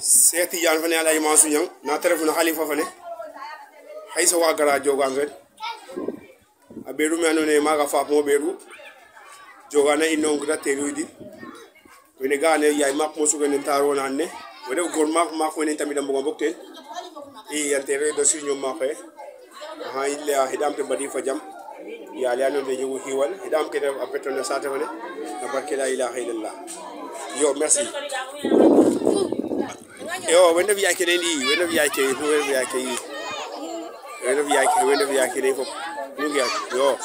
seti yan fane ala ima suñang na terefu na khalifa fane haysa wa gara jogan red a beru me anone maga fa mo beru jogana inno ngra terudi wene gane yay mak mo sugen taro nanne wede gor mak mak wene tamidam bo bokten e yantere do suñu maxe ha illa hidam te badi fajam ya aliano de jogu hiwal hidam ke def apetona sate fane na barke la ilaha illallah yo merci yo wonde wiyake ɗen ɗi wonde wiyake wonde wiyake wonde wiyake wonde wiyake ɗen fof ɗum wiyake yo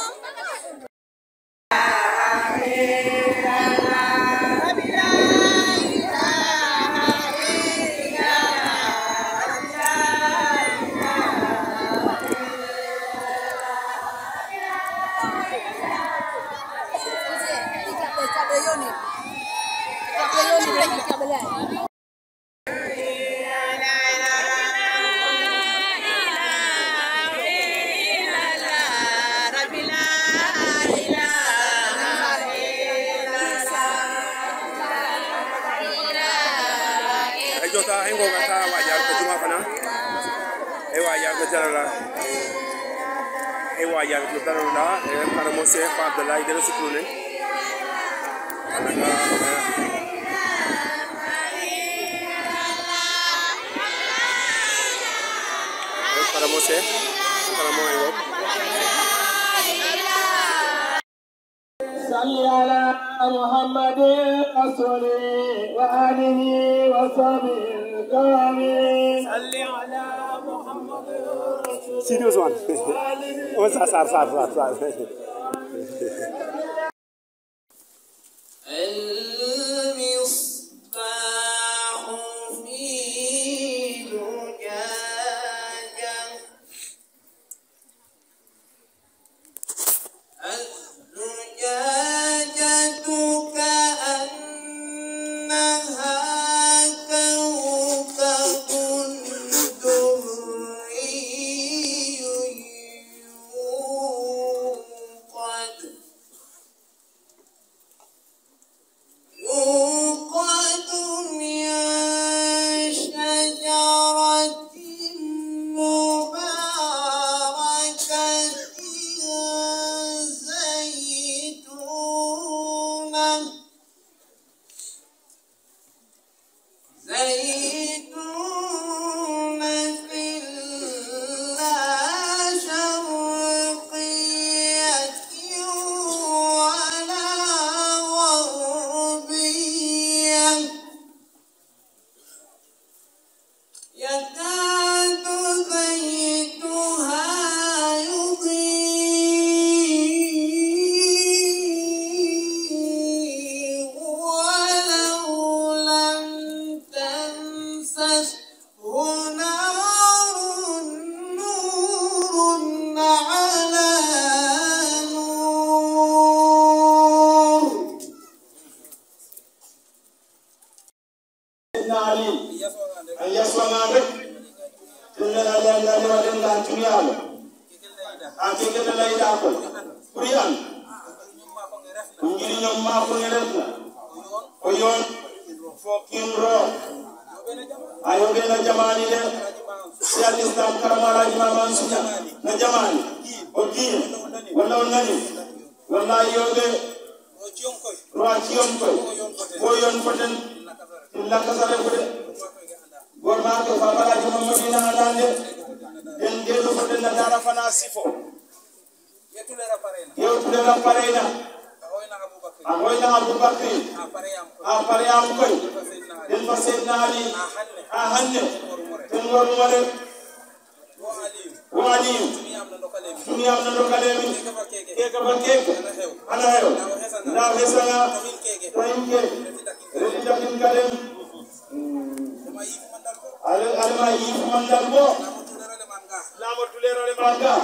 Darula e eh, kare mo CFA Abdoulaye dere sikrune kare mo se kare mo e wop صلي على محمد أصلي Sidi Ousmane on sa sar sar sar ma resala fayin ke reti dakin kadem alema yifu mandal bo lamatulero le manga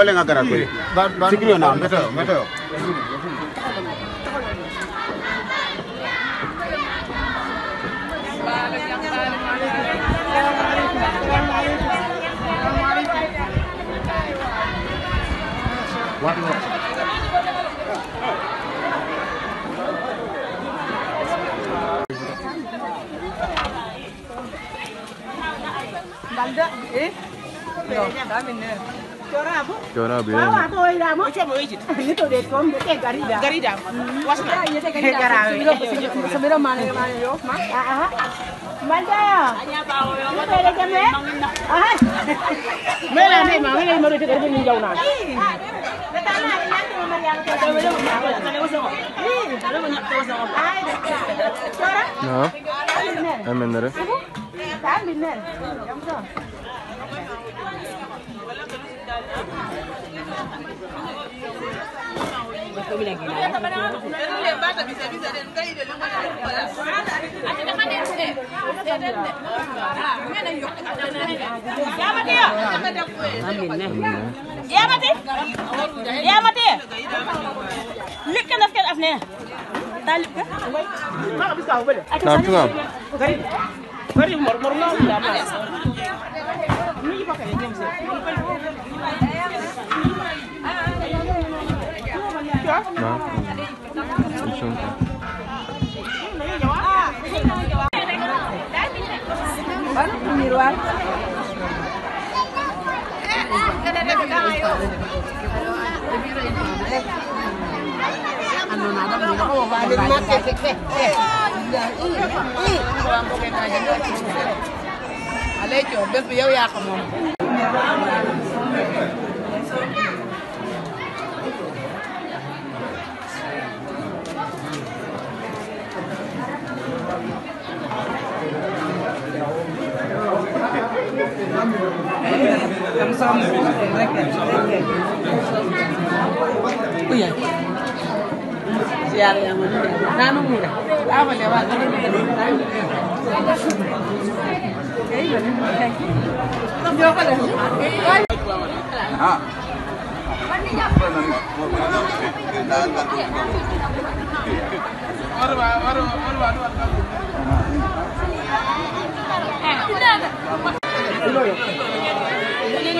wala nga gara koy sikri na mbeto m e t o w a t was 남자 예? 그럼 다음에 Chỗ nào biết? Quá thôi ra mất. Chỗ mới chỉ. Nếu tôi để con cái gari đã. Gari đã. Quá sao? Cái gari đã. Sebelum mana mana yo? Mak. Ah ah. ah. Mana yamate yamate liɓke ndaf ke ɗaf ne ta liɓke ta liɓka gari gari mor mor Baru pemiluan. Oh, eh, eh, eh. Ano Alé Diop bés bi yow yaa ko moom. Iya. Siar yang mana? muda. Apa lewat? dia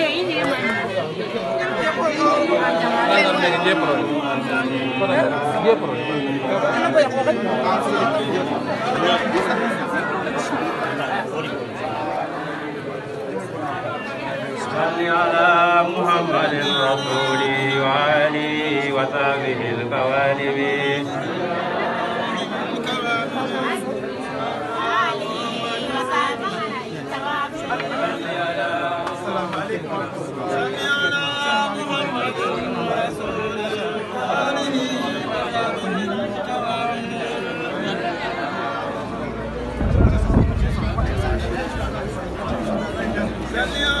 ini dia صل على محمد الرسول وعلي وصحبه Yeah.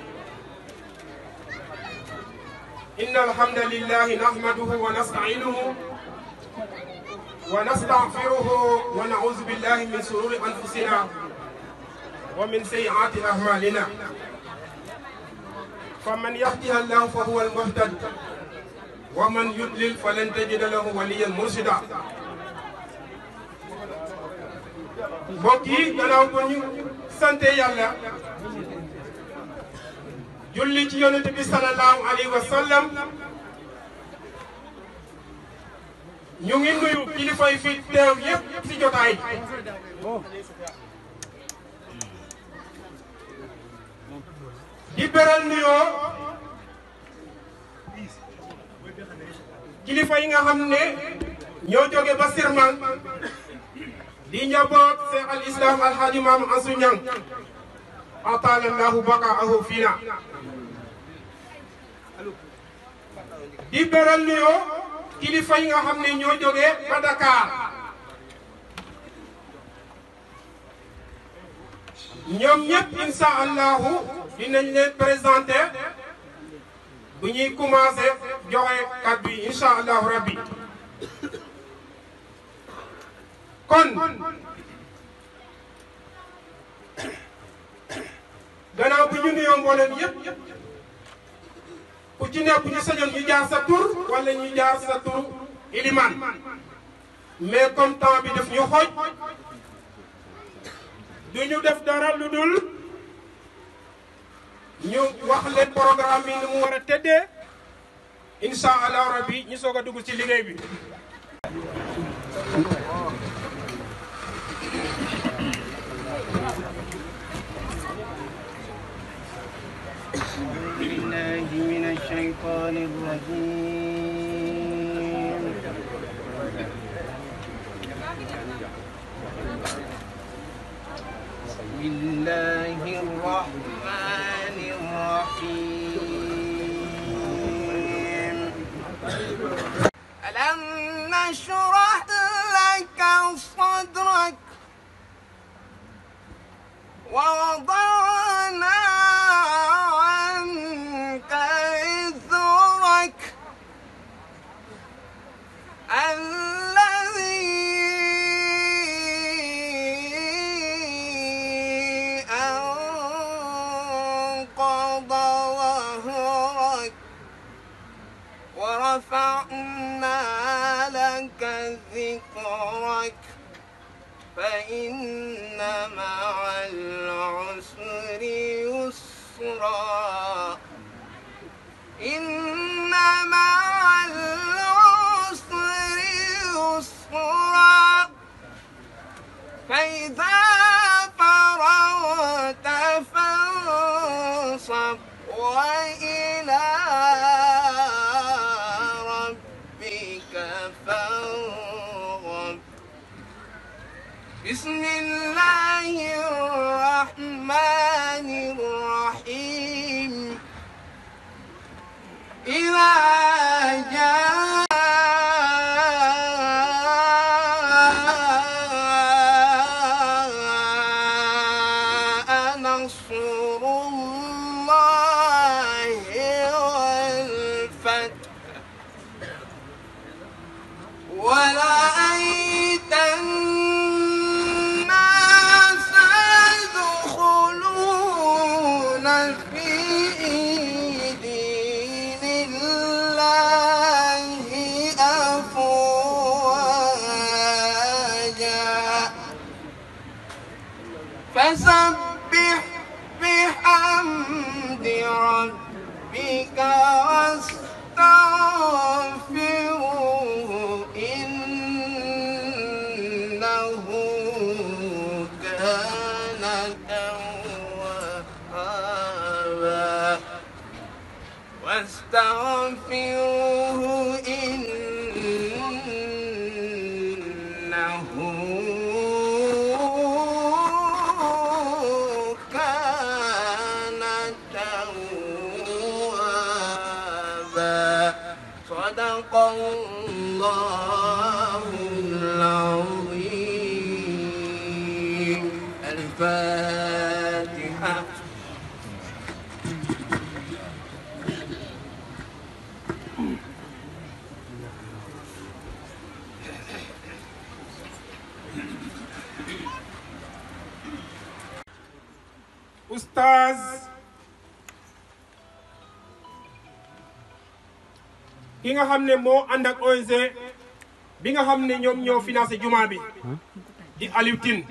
إن الحمد لله نحمده ونستعينه ونستغفره ونعوذ بالله من شرور أنفسنا ومن سيئات أعمالنا فمن يهدها الله فهو المهتد ومن يضلل فلن تجد له وليا مرشدا بوكي yi gannaaw ko ñu sante julli ci yonent bi sallallahu Alaihi Wasallam. ñu ngi nuyu kilifa yi fi teew yépp ci jotaay di beral nuyo kilifa yi nga xamne ne ñoo jóge ba Sirman di njaboot Cheikh al Islam Al Hadj mam Ansu Ñang ataalallahu baqa'ahu fina di beral nuyoo kilifa yi nga xam ne ñoo jógee ba Dakar ñoom ñëpp insha allahu dinañ leen présenter bu ñuy commencer joxe kàddu yi insha allahu rabbi kon gannaaw bu ñu nuyoo mboolem yëpp. ku ci nekk ñu sañoon ñu jaar sa tur wala ñu jaar sa tur iliman mais comme temps bi def ñu xooj du ñu def dara lu dul ñu wax leen programme mu war a tëddee incha allah rabbi ñu soog a dugg ci liggéey bi. بالله من الشيطان الرجيم الله العظيم الفاتحة أستاذ ki nga xam ne moo ànd ak ONG bi nga xam ne ñoom ñoo finance juma bi di Aliou Tine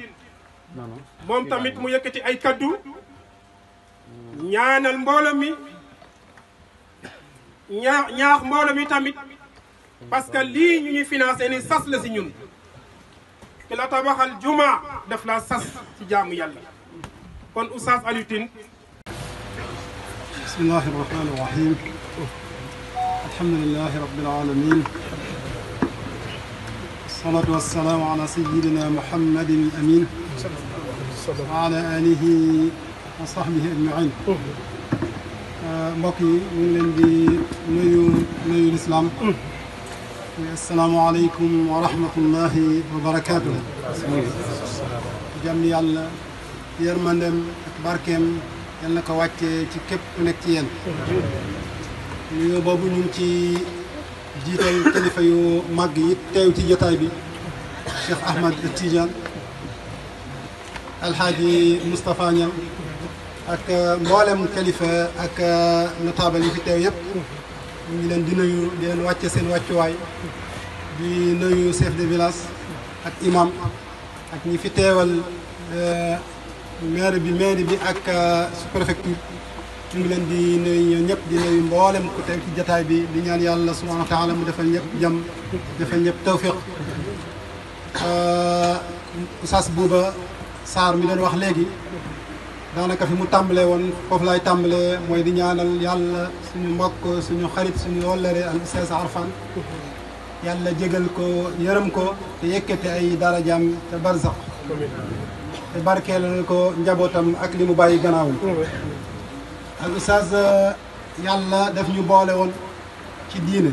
moom tamit mu yëkkati ay kaddu ñaanal mbooloo mi ñaa ñaax mbooloo mi tamit parce que lii ñu ñuy financé ni sas la si ñun te la tabaxal juma daf la sas ci jaamu yàlla kon oustaz Aliou Tine bismillahi rahmani rahim الحمد لله رب العالمين الصلاة والسلام على سيدنا محمد الأمين وعلى آله وصحبه أجمعين مكي من لندي نيو نيو الإسلام السلام عليكم ورحمة الله وبركاته جميع يرمندم أكبركم يلنا كواتي تكيب نكتين nuyoo boobu ñu ngi ci jiital kilifa yu màgg yi teew ci jotaay bi Cheikh Ahmad Tidiane Alxaaji Moustapha Niang ak mboolem kilifa ak notable yi fi teew yëpp ñu ngi leen di nuyu di leen wàcce seen wàccuwaay di nuyu chef de village ak imam ak ñi fi teewal maire bi maire bi ak sous-préfecture ñu ngi leen di nuyu ñëpp di nuyu mboolem ku teew ci jataay bi di ñaan yàlla subhaanahu wa taala mu defal ñëpp jàmm defal ñëpp tawfiq euh, Oustaz Bouba Sarr mi doon wax léegi daanaka fi mu tàmbalee woon foofu laay tàmbalee mooy di ñaanal yàlla suñu mbokk suñu xarit suñu wollare al Oustaz Arfan yàlla jégal ko yërëm ko te yëkkate ay darajaam te barzax te barkeelal ko njabootam ak li mu bàyyi gannaawam ak oustaz yàlla daf ñu boole woon ci diine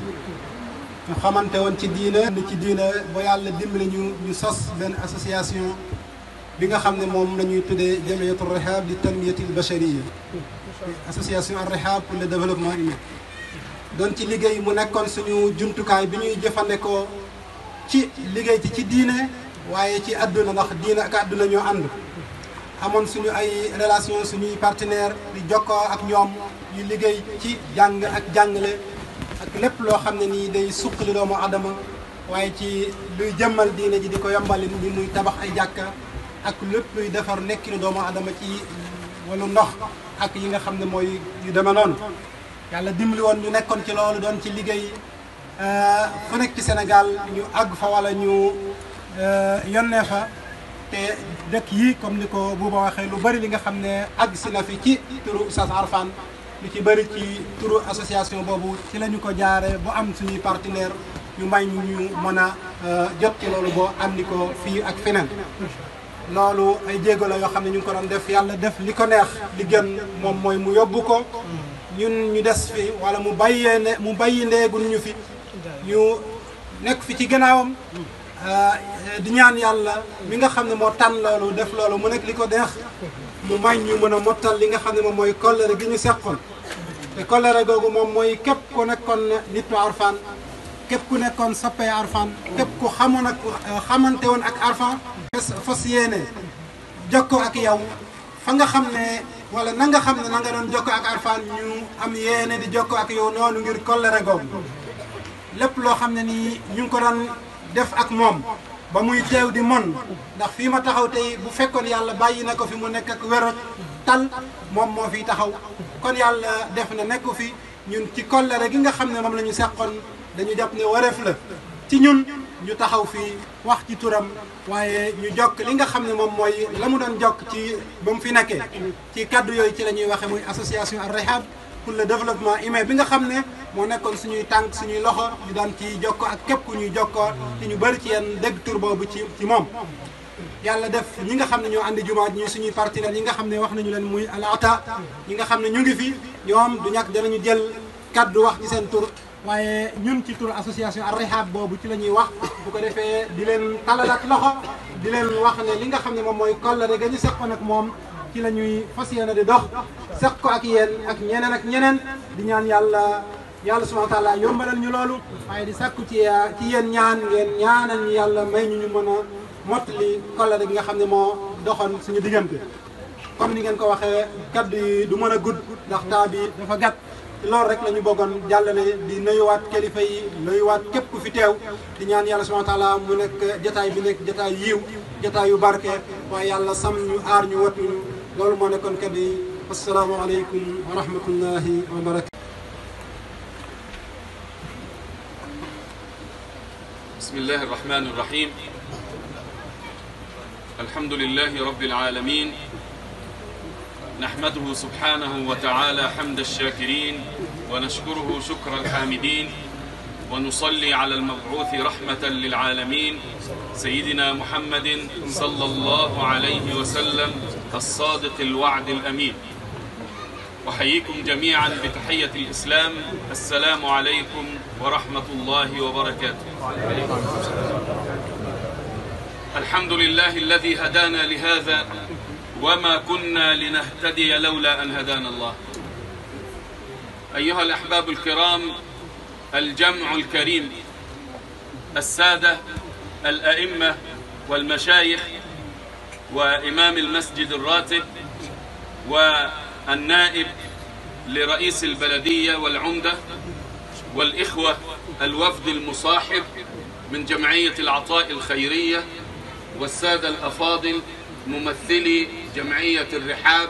ñu xamante woon ci diine ci diine ba yàlla dimbali ñu ñu sos benn association bi nga xam ne moom la ñuy tuddee jamiatu rihab li tanmiyati al bachariya association al rihab pour le développement humain doon ci liggéey mu nekkoon suñu jumtukaay bi ñuy jëfandikoo ci liggéey ci ci diine waaye ci àdduna ndax diine ak àdduna ñoo ànd amoon suñu ay relation suñuy partenaire di jokkoo ak ñoom ñu liggéey ci jàng ak jàngale ak lépp loo xam ne nii day suqali doomu adama waaye ci luy jëmmal diine ji di ko yombali ni muy tabax ay jàkka ak lépp luy defar nekkinu doomu adama ci wàllu ndox ak yi nga xam ne mooy yu demee noonu yàlla dimbali woon ñu nekkoon ci loolu doon ci liggéey euh, fu nekk ci Sénégal ñu àgg fa walla ñu euh, yónnee fa te dëkk yi comme ni ko buuba waxee lu bari li nga xam ne agsi na fi ci turu Oustaz Arfane lu ci bari ci turu association boobu ci lañu ko jaare bu am suñuy partenaire ñu may ñu ñu mën a euh, jot ci loolu boo am ni ko fii ak feneen loolu ay jéego yoo xam ne ñu ngi ko doon def yàlla def li ko neex li gën moom mooy mu yóbbu ko ñun ñu des fi wala mu bàyyee ne mu bàyyi ndeegun ñu fi ñu nekk fi ci gannaawam Euh, di ñaan yàlla mi nga xam ne moo tànn loolu def loolu mu nekk li ko deex mu may ñu mën a mottal li nga xam ne moom mooy kollëre gi ñu seqoon te kollëre googu moom mooy képp ku nekkoon nitu arfan képp ku nekkoon soppee arfan képp ku xamoon ak euh, xamante woon ak arfan fas yéene jokkoo ak yow fa nga xam ne wala na nga xam ne na nga doon jokkoo ak arfan ñu am yéene di jokkoo ak yow noonu ngir kollëre googu lépp loo xam ne nii ñu ko doon def ak moom ba muy teew di mon ndax fii ma taxaw tey bu fekkoon yàlla bàyyi na ko fi mu nekk ak wér tal moom moo fiy taxaw kon yàlla def na nekku fi ñun ci kollëre gi nga xam ne moom la ñu seqoon dañu jàpp ne wareef la ci ñun ñu taxaw fii wax ci turam waaye ñu jokk li nga xam ne moom mooy la mu doon jokk ci ba mu fi nekkee ci kàddu yooyu ci la ñuy waxe muy association Ar-Rihab pour le développement humain bi nga xam ne moo nekkoon suñuy tànk suñuy loxo ñu daan ci jokko ak képp ku ñuy jokkoo te ñu bëri ci yenn dégg tur boobu ci ci moom yàlla def ñi nga xam ne ñoo andi ji ñu suñuy partenaires ñi nga xam ne wax nañu leen muy alaata ñi nga xam ne ñu ngi fi ñoom du ñàkk danañu jël kaddu wax ci seen tur waaye ñun ci tur association Ar-Rihab boobu ci la ñuy wax bu ko defee di leen talalaat loxo di leen wax ne li nga xam ne moom mooy kollare ga ñu seqoon ak moom ci lañuy ñuy di dox seq ko ak yeen ak ñeneen ak ñeneen di ñaan yalla yalla subhanahu wa taala yombalal ñu lolu ay di sàkku ci ya, ci yeen ñaan ngeen ñaanal ñu yalla may ñu ñu mëna motli mottali kollare gi nga xamne mo doxon suñu digënté comme ni ngeen ko waxee kaddu yi du mëna a gudd ndax ta bi dafa gàtt lool rek lañu ñu bëggoon jàllale di nuyuwaat kalifa yi nuyuwaat képp ku fi tew di ñaan yalla subhanahu wa taala mu nek jotaay bi nek jotaay yiw jotaay yu barke wa yalla sam ñu aar ñu wat ñu السلام عليكم ورحمة الله وبركاته بسم الله الرحمن الرحيم الحمد لله رب العالمين نحمده سبحانه وتعالى حمد الشاكرين ونشكره شكر الحامدين ونصلي على المبعوث رحمة للعالمين سيدنا محمد صلى الله عليه وسلم الصادق الوعد الأمين أحييكم جميعا بتحية الإسلام السلام عليكم ورحمة الله وبركاته الحمد لله الذي هدانا لهذا وما كنا لنهتدي لولا أن هدانا الله أيها الأحباب الكرام الجمع الكريم السادة الأئمة والمشايخ وإمام المسجد الراتب والنائب لرئيس البلدية والعمدة والإخوة الوفد المصاحب من جمعية العطاء الخيرية والسادة الأفاضل ممثلي جمعية الرحاب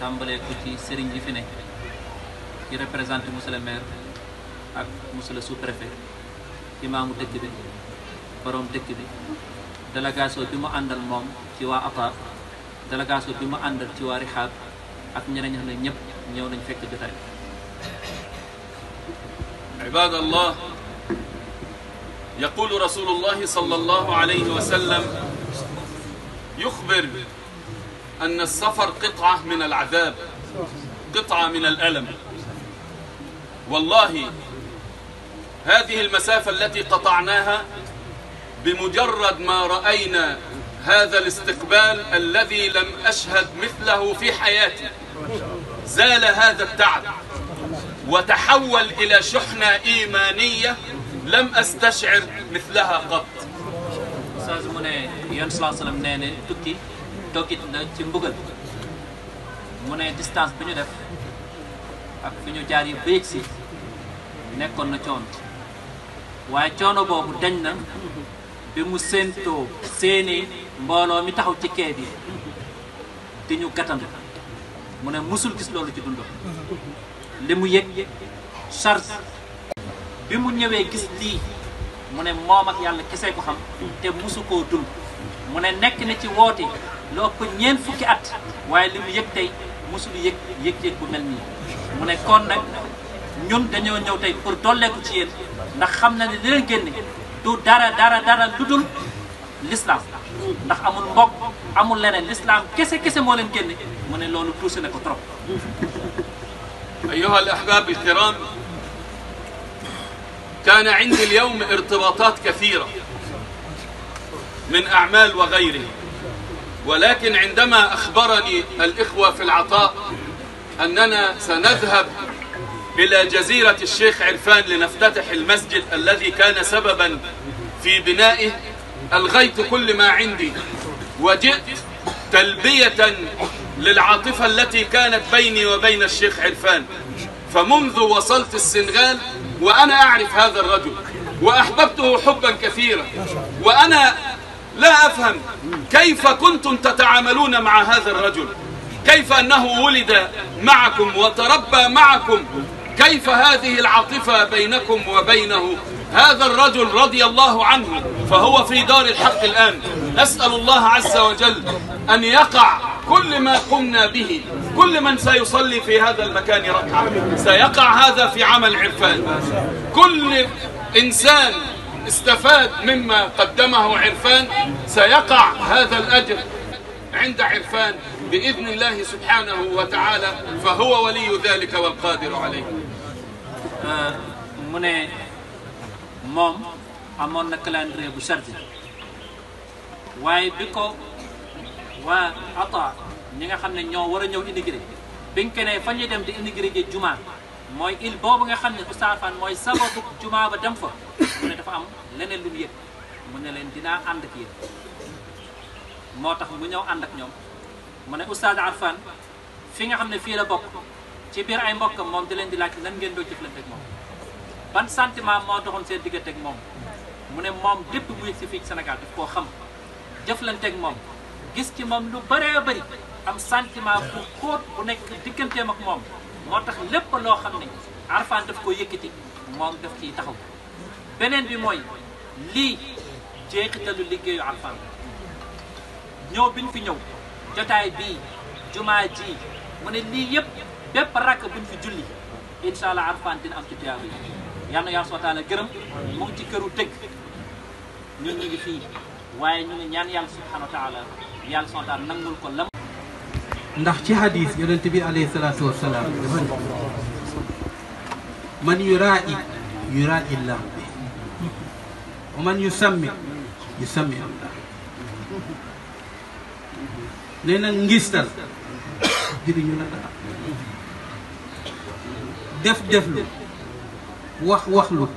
tambalé ko ci sëriñ yi fi ne ki représenté monsieur le maire ak monsieur le sous-préfet imaamu dëkk bi borom dëkk bi délégation bi mu àndal mom ci wa APA délégation bi mu àndal ci wa Rihab ak ñeneen ñi xam ñëpp ñëw nañ fekk jotaay عباد الله يقول رسول الله صلى الله عليه وسلم يخبر أن السفر قطعة من العذاب قطعة من الألم والله هذه المسافة التي قطعناها بمجرد ما رأينا هذا الاستقبال الذي لم أشهد مثله في حياتي زال هذا التعب وتحول إلى شحنة إيمانية لم أستشعر مثلها قط doggit na ci mbugal mu ne distance bi ñu def ak fi ñu jaar yi béeg si nekkoon na coono waaye coono boobu dañ na bi mu séentoo seeni mbooloo mi taxaw ci kee bi di ñu gàttandu mu ne musul gis loolu ci dundam li mu yëg charge bi mu ñëwee gis lii mu ne moom ak yàlla kese ko xam te musu koo dund mune nek na ci wote lu ñeen fukki at waye limu yek tay tey yek yek yek bu melni mune kon nak ñun dañu ñëw tay pour dolle ko ci yéen ndax xam na ne li leen génne du dara dara dara lu l'islam ndax amul mbokk amul leneen l'islam kesse kesse mo leen genn mune lolu loolu nako trop أيها الأحباب الكرام كان عندي اليوم ارتباطات كثيرة من أعمال وغيره ولكن عندما أخبرني الإخوة في العطاء أننا سنذهب إلى جزيرة الشيخ عرفان لنفتتح المسجد الذي كان سببا في بنائه ألغيت كل ما عندي وجئت تلبية للعاطفة التي كانت بيني وبين الشيخ عرفان فمنذ وصلت السنغال وأنا أعرف هذا الرجل وأحببته حبا كثيرا وأنا لا أفهم كيف كنتم تتعاملون مع هذا الرجل كيف أنه ولد معكم وتربى معكم كيف هذه العاطفة بينكم وبينه هذا الرجل رضي الله عنه فهو في دار الحق الآن نسأل الله عز وجل أن يقع كل ما قمنا به كل من سيصلي في هذا المكان ركعة سيقع هذا في عمل عرفان كل إنسان استفاد مما قدمه عرفان سيقع هذا الأجر عند عرفان بإذن الله سبحانه وتعالى فهو ولي ذلك والقادر عليه من آه، موم أمون نكلان ري بشرد واي بيكو وا عطا نيغا خامني ньо ورا ньо اندي جري بين كاني فاني ديم دي اندي جري جي جمعه mooy il boobu nga xam ne Oustaz Fane mooy sababu jumaa ba dem fa mu ne dafa am leneen lu mu yëg mu ne leen dinaa ànd ak yéen moo tax mu ñëw ànd ak ñoom mu ne Oustaz Arfan fi nga xam ne fii la bokk ci biir ay mbokkam moom di leen di laaj lan ngeen doo jëflante ak moom ban sentiment moo doxoon seen diggante ak moom mu ne moom dépp bu yëg si fii ci Sénégal daf koo xam jëflante ak moom gis ci moom lu bëree bëri am sentiment bu xóot bu nekk digganteem ak moom moo tax lépp loo xam ne daf ko yëkkati moom def ciy taxaw beneen bi mooy lii jeexitalu liggéeyu arfaan ñëw biñ fi ñëw jotaay bi jumaa ji mu ne lii yëpp bépp rakk buñ fi julli incha allah arfaan dina am ci yi yàlla soo taala gërëm mu ci këru dëgg ñu ngi fii waaye ñu ngi ñaan yàlla subhanahu wa yàlla soo taala nangul ko lam ndax ci hadis yonent bi alayhi salaatu wasalaam dafa ne man yuraa i yuraa illah bi man yu sàmmi yu sàmmi am ngistal def def lu wax wax lu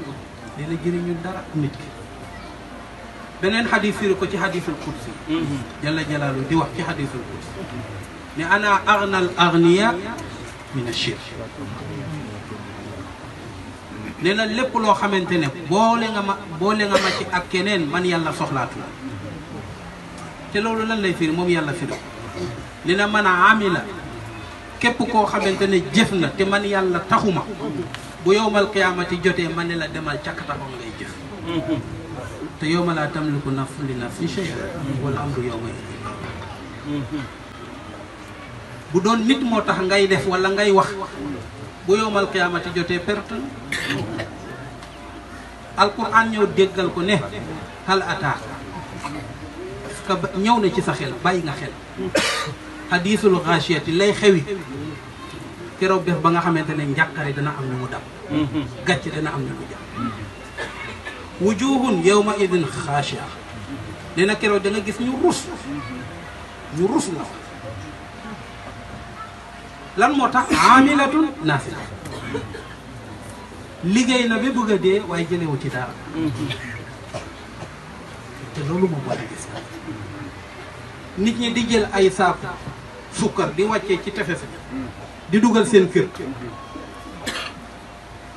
nee na jëriñu dara nit ki beneen hadis firi ko ci hadisul kursi mm-hmm. jalla jalaalu di wax ci hadisul kursi لأن أغنى الأغنياء من الشرك لأن لب لو خمنتني بولين ما بولين نعم ما شيء أكينين من يلا صخلاتنا تلو لنا اللي فيهم مم يلا فيهم لأن من عاملة كيف كو خمنتني جفنا تمن يلا تخوما بيوم القيامة تجت من لا دمال تكتهم لي جف تيوم لا تملك نفس لنفس شيء والأمر يومئذ 嗯哼。bu doon nit moo tax ngay def wala ngay wax bu yowmal qiyaamati jotee perte alquran ñëw déggal ko ne hal ataa ñëw na ci sa xel bàyyi nga xel xadiisul xaasiyati lay xewi keroog bés ba nga xamante ne njàqare dana am ñu mu dab gàcc dana am ñu mu jàpp wujuhun yawma idin xaasiya nee na keroog da gis ñu rus ñu rus la lan moo tax amilatun naasira liggéey na ba bëgg a dee waaye jëlewu ci dara te loolu moom nit ñi di jël ay saaku sukkar di wàccee ci tefes bi di dugal seen kër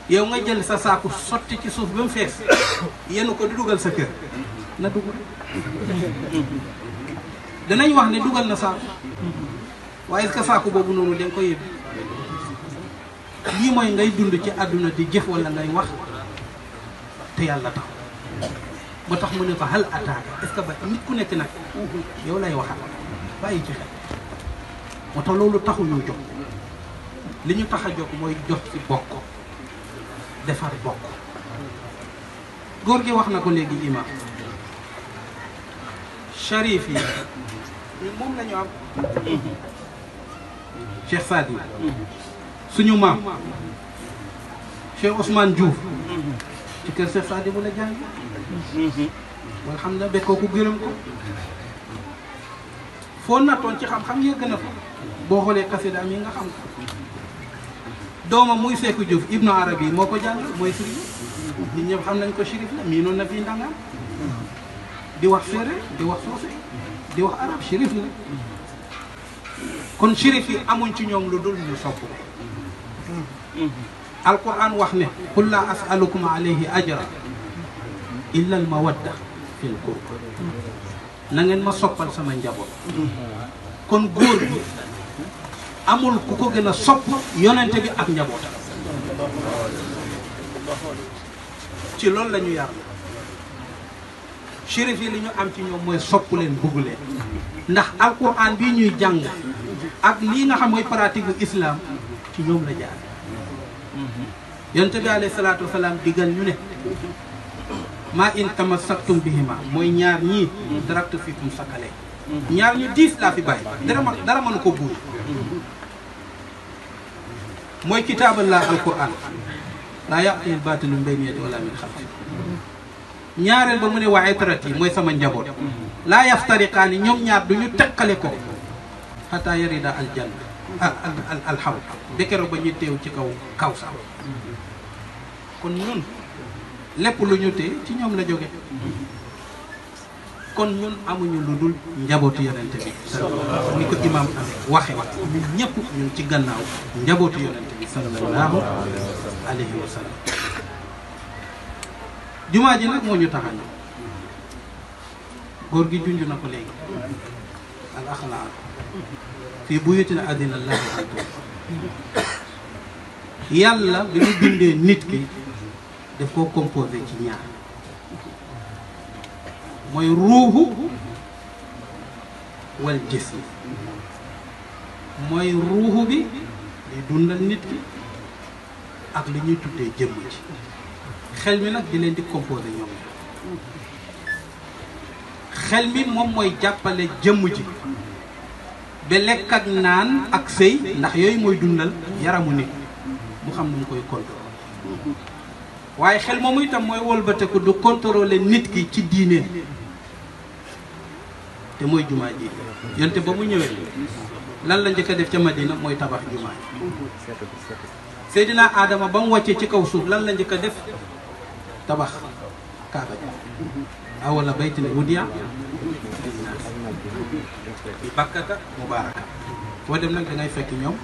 yow nga jël sa saaku sotti ci suuf ba mu fees yenn ko di dugal sa kër na dugal danañ wax ne dugal na saaku waaye kafaaku boobu noonu da nga ko yëg lii mooy ngay dund ci àdduna di jëf wala ngay wax te yàlla tax ba tax mu ne ko hal attaque est ce que ba nit ku nekk nag yow lay waxal bàyyi ci xel moo tax loolu taxu ñu jóg li ñu tax a jóg mooy jox ci bokk defar bokk góor gi wax na ko léegi imam sharif yi moom la ñu am Cheikh Sadi suñu maam Cheikh Ousmane Diouf ci kër Cheikh Sadi mu la jàng wala xam na bekkoo ku gërëm ko foo nattoon ci xam-xam yëgg na ko boo xoolee kasida mi nga xam ko doomam muy Seeku Diouf Ibnu Arabi moo ko jàng mooy sirif nit xam nañ ko shérif mii noon na fii ndangaan di wax séeréer di wax soose di wax arab shérif la kon shirif yi amuñ ci ñom lu dul ñu sopp hmm. alquran wax ne qul la asalukum alayhi ajra illa al mawadda fi l na ngeen ma soppal sama njaboot kon goor bi amul ku ko gëna sopp yonente bi ak njabootam ci lool lañu yar shirif yi li ñu am ci ñom moy sopp leen leen ndax alquran bi ñuy jang ak li nga xam moy pratique islam ci ñom la jaar yonte bi alayhi salatu wassalam digal ñu ne ma in tamassaktum bihima moy ñaar ñii daraktu fikum sakale ñaar ñu dis la fi bay dara man dara mënu ko bur moy kitabullah alquran laa yaqtil batil bayni yadi wala min xalfi ñaarel ba mu ne wa'itrati moy sama njabot la yaftariqani ñom ñaar duñu tekkale ko xataa yarida al janna ah, al al al xaw dekero ba ñu teew ci kaw kaw sax kon ñun lépp lu ñu téye ci ñoom la jóge kon ñun amuñu lu dul njabootu yonente bi ni ko imaam am waxe ñun ñëpp ñun ci gannaaw njabootu yonente bi sallallahu alayhi nag moo ñu tax góor gi junj na ko léegi al axlaaq fii buyutin adina llaahu an yàlla bi mu bindee nit ki daf koo composé ci ñaar mooy ruuxu wal jism mooy ruuxu bi di dundal nit ki ak li ñuy tuddee jëmm ci xel mi nag di leen di composé ñoom xel mi moom mooy jàppale jëmm ji ba lekk ak naan ak sëy ndax yooyu mooy dundal yaramu nit mu xam nu mu koy contrôler waaye xel moomu itam mooy wolbateku du contrôler nit ki ci diine te mooy jumaa ji yonte ba mu ñëwee lan la njëkk a def ca Madina mooy tabax jumaa ji Seydina aadama ba mu wàccee ci kaw suuf lan la njëkk a def tabax kaaba ji awala baytin wudiya linnaas bi bakkata mubaaraka foo dem nag da ngay fekk ñoom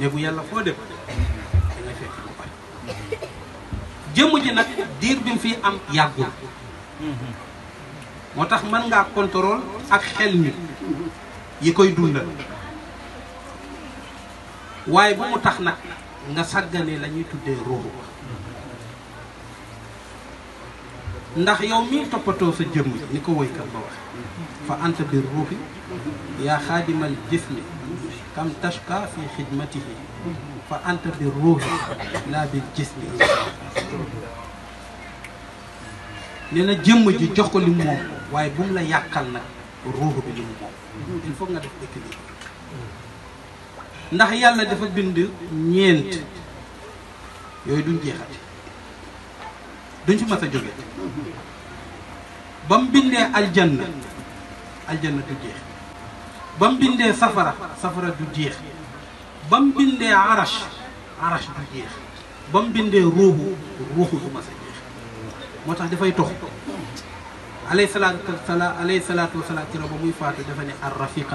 yu yàlla foo dem jëmm ji nag diir bi mu fi am yàggul moo tax mën ngaa contrôle ak xel mi yi koy dundal waaye bu mu tax nag nga sàggane la tuddee ruuxu ndax yow mii toppatoo sa jëmm ni ko woykat ba wax fa anta bir ruuxi yaa xaadimal jismi kam tashka fi xidmatihi fa anta bir ruuxi laa bir jismi nee na jëmm ji jox ko li moom waaye bu mu la yàqal nag ruux bi li mu moom ndax yàlla dafa bind ñeent yooyu duñ jeexati duñ fi mas a jógee ba mu bindee aljanna aljanna du jeex ba mu bindee safara safara du jeex ba mu bindee arash ruuxu ruuxu du mas jeex moo tax dafay tox alay salaatu wasalaam alay salaatu wasalaam kero ba muy faatu dafa ne ar rafiq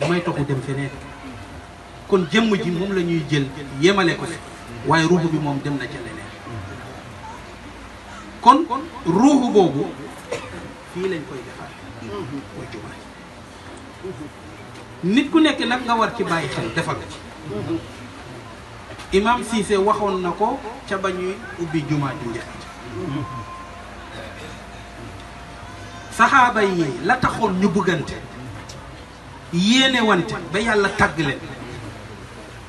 damay toxu dem feneen kon jëmm ji moom la ñuy jël yemale ko fi waaye ruuxu bi moom dem na ca kon ruuxu boobu fii lañ koy defar mooy jumaa nit ku nekk nag nga war ci bàyyi xel defal ko ci imam Cissé waxoon na ko ca ba ñuy ubbi jumaa ju njëkk saxaaba yi la taxoon ñu bëggante yéene wante ba yàlla tàgg leen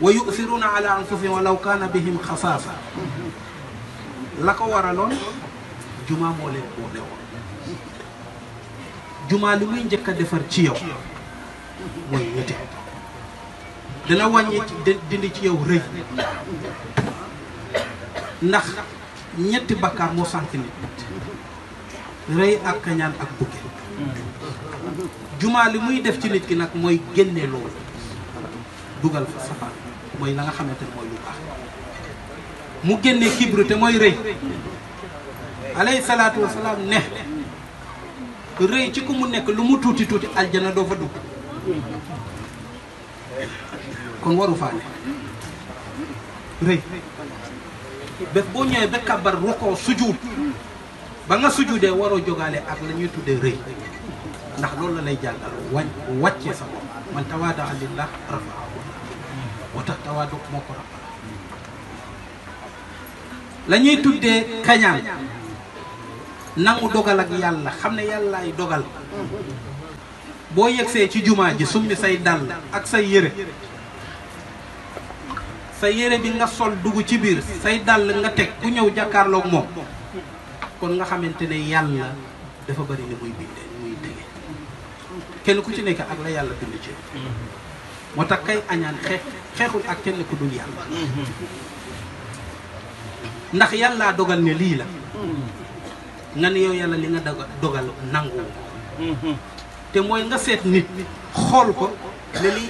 wa yu'thiruna ala anfusihim wa law kaana bihim xasaasa la ko waraloon juma moo leen boole woon juma li muy njëkk defar ci yow mooy ñetti dana wàññi dindi ci yow rëy ndax ñetti bakkaar moo sànq nit rëy ak kañaan ak bugge juma li muy def ci nit ki nag mooy génne loolu dugal fa safaan mooy la nga xamante ne mooy lu baax mu génne kibru te mooy rëy alayhi salaatu wasalaam ne rëy ci ku mu nekk lu mu tuuti tuuti aljana doo fa dugg kon waru faa ne rëy bés boo ñëwee ba kabar rukkoo sujuud ba nga sujuudee waroo jogaale ak la tuddee rëy ndax loolu la lay jàngal wañ wàccee sa bopp man tawaada lillah rafaahu wa tax tawaadu tuddee kañaan nangu dogal ak yàlla xam ne yàllaay dogal boo yegsee ci jumaa ji summi say dàll ak say yére sa yére bi nga sol dugg ci biir say dàll nga teg ku ñëw jàkkaarloog moom kon nga xamante ne yàlla dafa bari ne muy bindee muy tege kenn ku ci nekk ak la yàlla bind ci moo tax kay añaan xeex xeexul ak kenn ku dul yàlla ndax yàllaa dogal ne lii la nga ne yow yàlla li nga dogal dogal nangu mm-hmm. te mooy nga seet nit xool ko ne li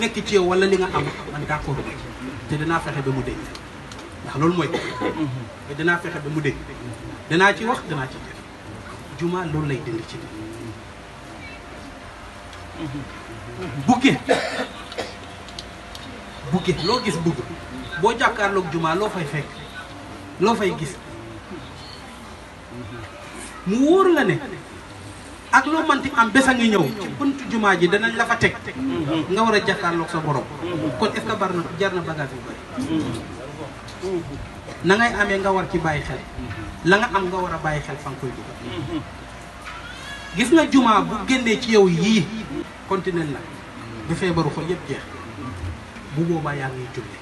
nekk ci yow wala li nga am man d'accord te danaa fexe ba mu dégg ndax loolu mooy ko mm-hmm. te danaa fexe ba mu dégg danaa ci wax danaa ci def loolu lay dindi ci mm-hmm. bugge bugge loo gis bugg boo jàkkaarloog jumaa loo fay fekk loo fay gis mu wóor la ne ak loo manti am bés a ngi ñëw ci buntu jumaa ji danañ la fa teg nga war a jàkkaarloog sa borom kon est-ce bar na jar na bagage yu bëri na ngay amee nga war ci bàyyi xel la nga am nga war a bàyyi xel fan koy dugal gis nga jumaa bu génnee ci yow yii continuel la bu feebaru xol yëpp jeex bu boobaa yaa ngi julli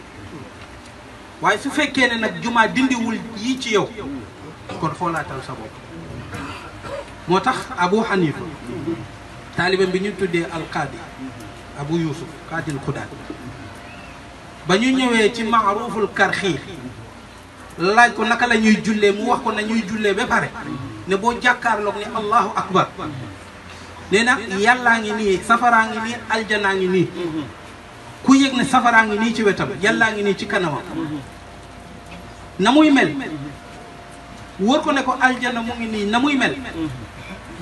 waaye su fekkee ne nag jumaa dindiwul yii ci yow kon xoolaatal sa bopp moo tax abu xanifa taalibam bi ñu tuddee alqaadi abu yusuf qaadil xudaat ba ñu ñëwee ci maaruful karxiir laaj ko naka la ñuy jullee mu wax ko na jullee ba pare ne boo jàkkaarloog ni allahu akbar nee na yàllaa ngi nii safaraa ngi nii aljanaa ngi nii ku yëg ne safaraa ngi nii ci wetam yàllaa ngi nii ci kanamam na muy mel wóor ko ne ko aljana mu ngi nii na muy mel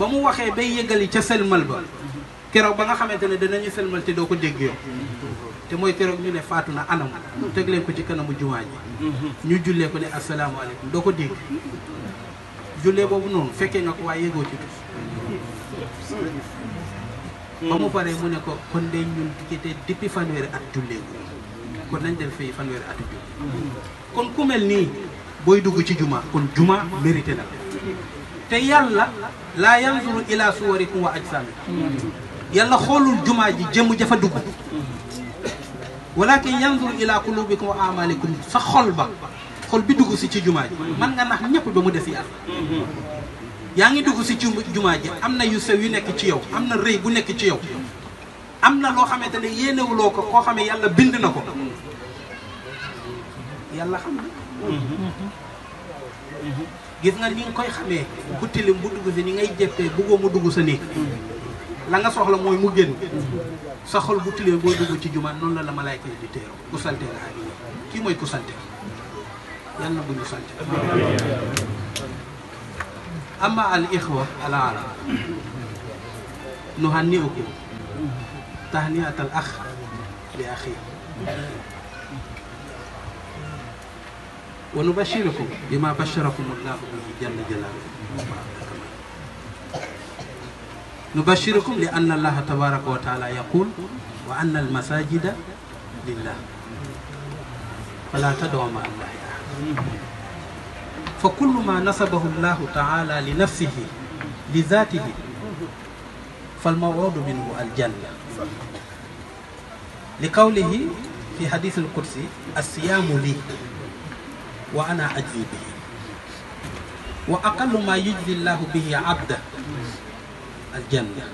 ba mu waxee bay yëggali ca sëlmal ba keroog ba nga xamante ne danañu sëlmal te doo ko dégg yow te mooy keroog ñu ne faatu na anam teg leen ko ci kanamu jumaa ji ñu jullee ko ne asalaamaaleykum doo ko dégg jullee boobu noonu fekkee nga ko waaye yëgoo ci ba mu paree mu ne ko kon de ñun diggante depuis fanweeri at jullee ko kon nañ dem fii fanweeri at jullee kon ku mel nii booy dugg ci jumaa kon juma mérité na te yàlla laa yanzuru ila suwarikum wa ajsamikum yàlla xoolul jumaa ji jëmm jafa dugg walakin yanzuru ila qulubikum wa amalikum sa xol ba xol bi dugg si ci jumaa ji man nga nax ñépp ba mu def yàlla yaa ngi dugg si ci jumaa ji am na yu sew yu nekk ci yow am na rëy bu nekk ci yow am na loo xamante ne yéenewuloo ko koo xamee yàlla bind na ko yàlla xam na gis nga ni ngi koy xamé ku tilim bu dugg si ni ngay jëppee bëggoo mu dugg sa nek la nga soxla moy mu genn saxal xol bu tilee boo dugg ci juma non la la malaika di téro ku santé la xam ki moy ku santé yalla bu ñu santé amma al ikhwa al alam nuhanniukum tahniatal akh li akhi ونبشركم بما بشركم الله به جل جلاله نبشركم لأن الله تبارك وتعالى يقول وأن المساجد لله فلا تدعوا مع الله أحد فكل ما نسبه الله تعالى لنفسه لذاته فالموعود منه الجنة لقوله في حديث القدسي الصيام لي وأنا أجزي به وأقل ما يجزي الله به عبده الجنة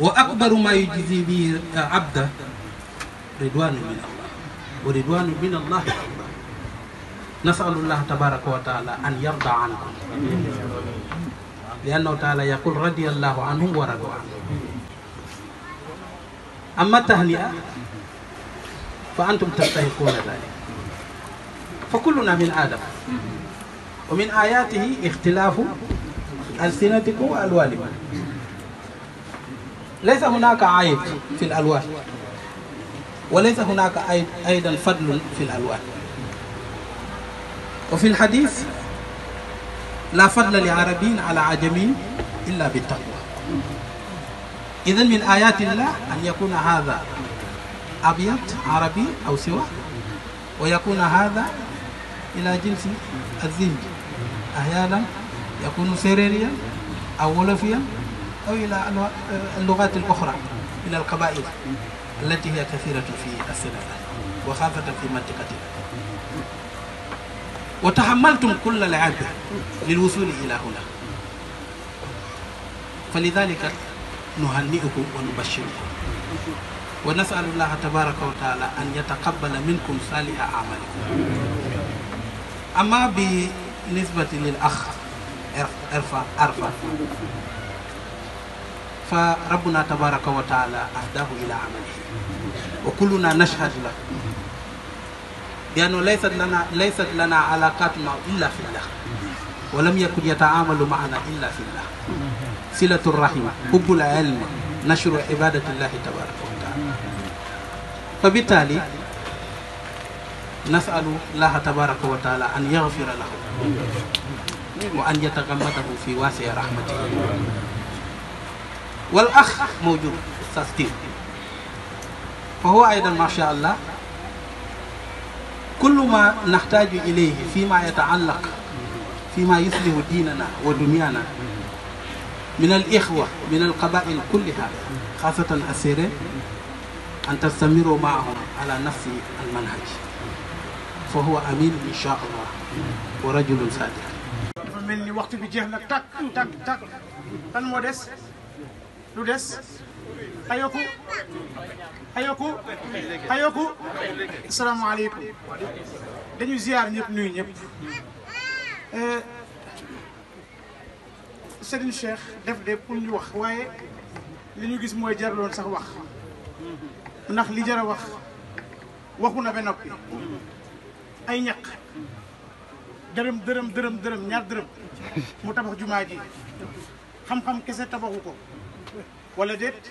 وأكبر ما يجزي به عبده رضوان من الله ورضوان من الله أكبر نسأل الله تبارك وتعالى أن يرضى عنكم لأنه تعالى يقول رضي الله عنهم ورضوا عنه أما التهنئة فأنتم تستحقون ذلك فكلنا من آدم ومن آياته اختلاف ألسنتكم وألوانكم ليس هناك عيب في الألوان وليس هناك أيضا فضل في الألوان وفي الحديث لا فضل لعربي على عجمين إلا بالتقوى إذا من آيات الله أن يكون هذا أبيض عربي أو سواه ويكون هذا إلى جنس الزنج أحيانا يكون سريريا أو ولفيا أو إلى اللغات الأخرى إلى القبائل التي هي كثيرة في السنة وخاصة في منطقتنا وتحملتم كل العاب للوصول إلى هنا فلذلك نهنئكم ونبشركم ونسأل الله تبارك وتعالى أن يتقبل منكم صالح أعمالكم أما بالنسبة للأخ أرفع أرفع فربنا تبارك وتعالى أهداه إلى عمله وكلنا نشهد له لأنه ليست لنا ليست لنا علاقات معه إلا في الله ولم يكن يتعامل معنا إلا في الله صلة الرحم حب العلم نشر عبادة الله تبارك وتعالى فبالتالي نسأل الله تبارك وتعالى أن يغفر له وأن يتغمده في واسع رحمته والأخ موجود أستاذ ستيف فهو أيضا ما شاء الله كل ما نحتاج إليه فيما يتعلق فيما يصلح ديننا ودنيانا من الإخوة من القبائل كلها خاصة السيرين أن تستمروا معهم على نفس المنهج فهو امين ان شاء الله ورجل صادق ملني وقت بيجي هنا تك تك تك تن مودس لودس ايوكو ايوكو ايوكو السلام عليكم دانيو زيار نيب نوي نيب ا أه، سيرن شيخ ديف دي بول ني واخ واي لي نيو غيس موي جارلون صاح واخ نخ لي جارا واخ واخو نا بي نوبي ay ñaq dërëm dërëm dërëm dërëm ñaar dërëm mu tabax jumaa ji xam-xam kese tabaxu ko wala déet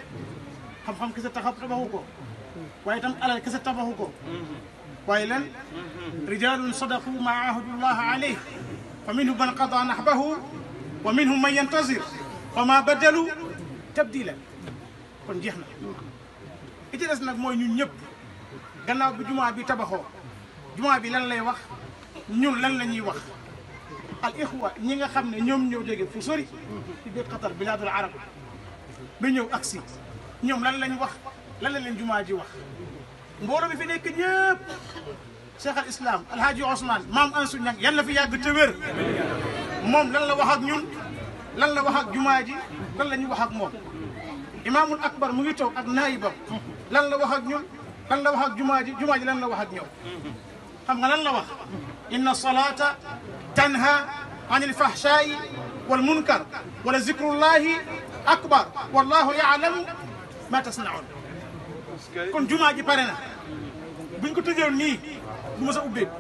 xam-xam kese taxaw tabaxu ko waaye alal kese tabaxu ko waaye rijalun sadaqu ma ahadullah alayh fa man qada nahbahu wa minhum man yantazir wa ma badalu tabdila kon jeex na li ci des nag mooy ñun ñëpp jumaa bi lan lay wax ñun lan la ñuy wax al ixwa ñi nga xam ne ñoom ñëw jóge fu sori ci biir Qatar bilaadul arab ba ñëw agsi ñoom lan lañ wax lan la leen jumaa ji wax mbooloo mi fi nekk ñëpp cheikh al islam alhaaji Ousmane maam Ansu Ñang yàlla fi yàgg te wér moom lan la wax ak ñun lan la wax ak jumaa ji lan la ñu wax ak moom imaamul akbar mu ngi toog ak naayibam lan la wax ak ñun lan la wax ak jumaa ji jumaa ji lan la wax ak ñoom xam nga lan la wax inna salata tanha an ilfahshai wal munkar wala zikrullahi akbar wallahu yaalamu ma tasnaun kon jumaa ji pare na buñ ko tëjoon nii du ma sa ubbeeku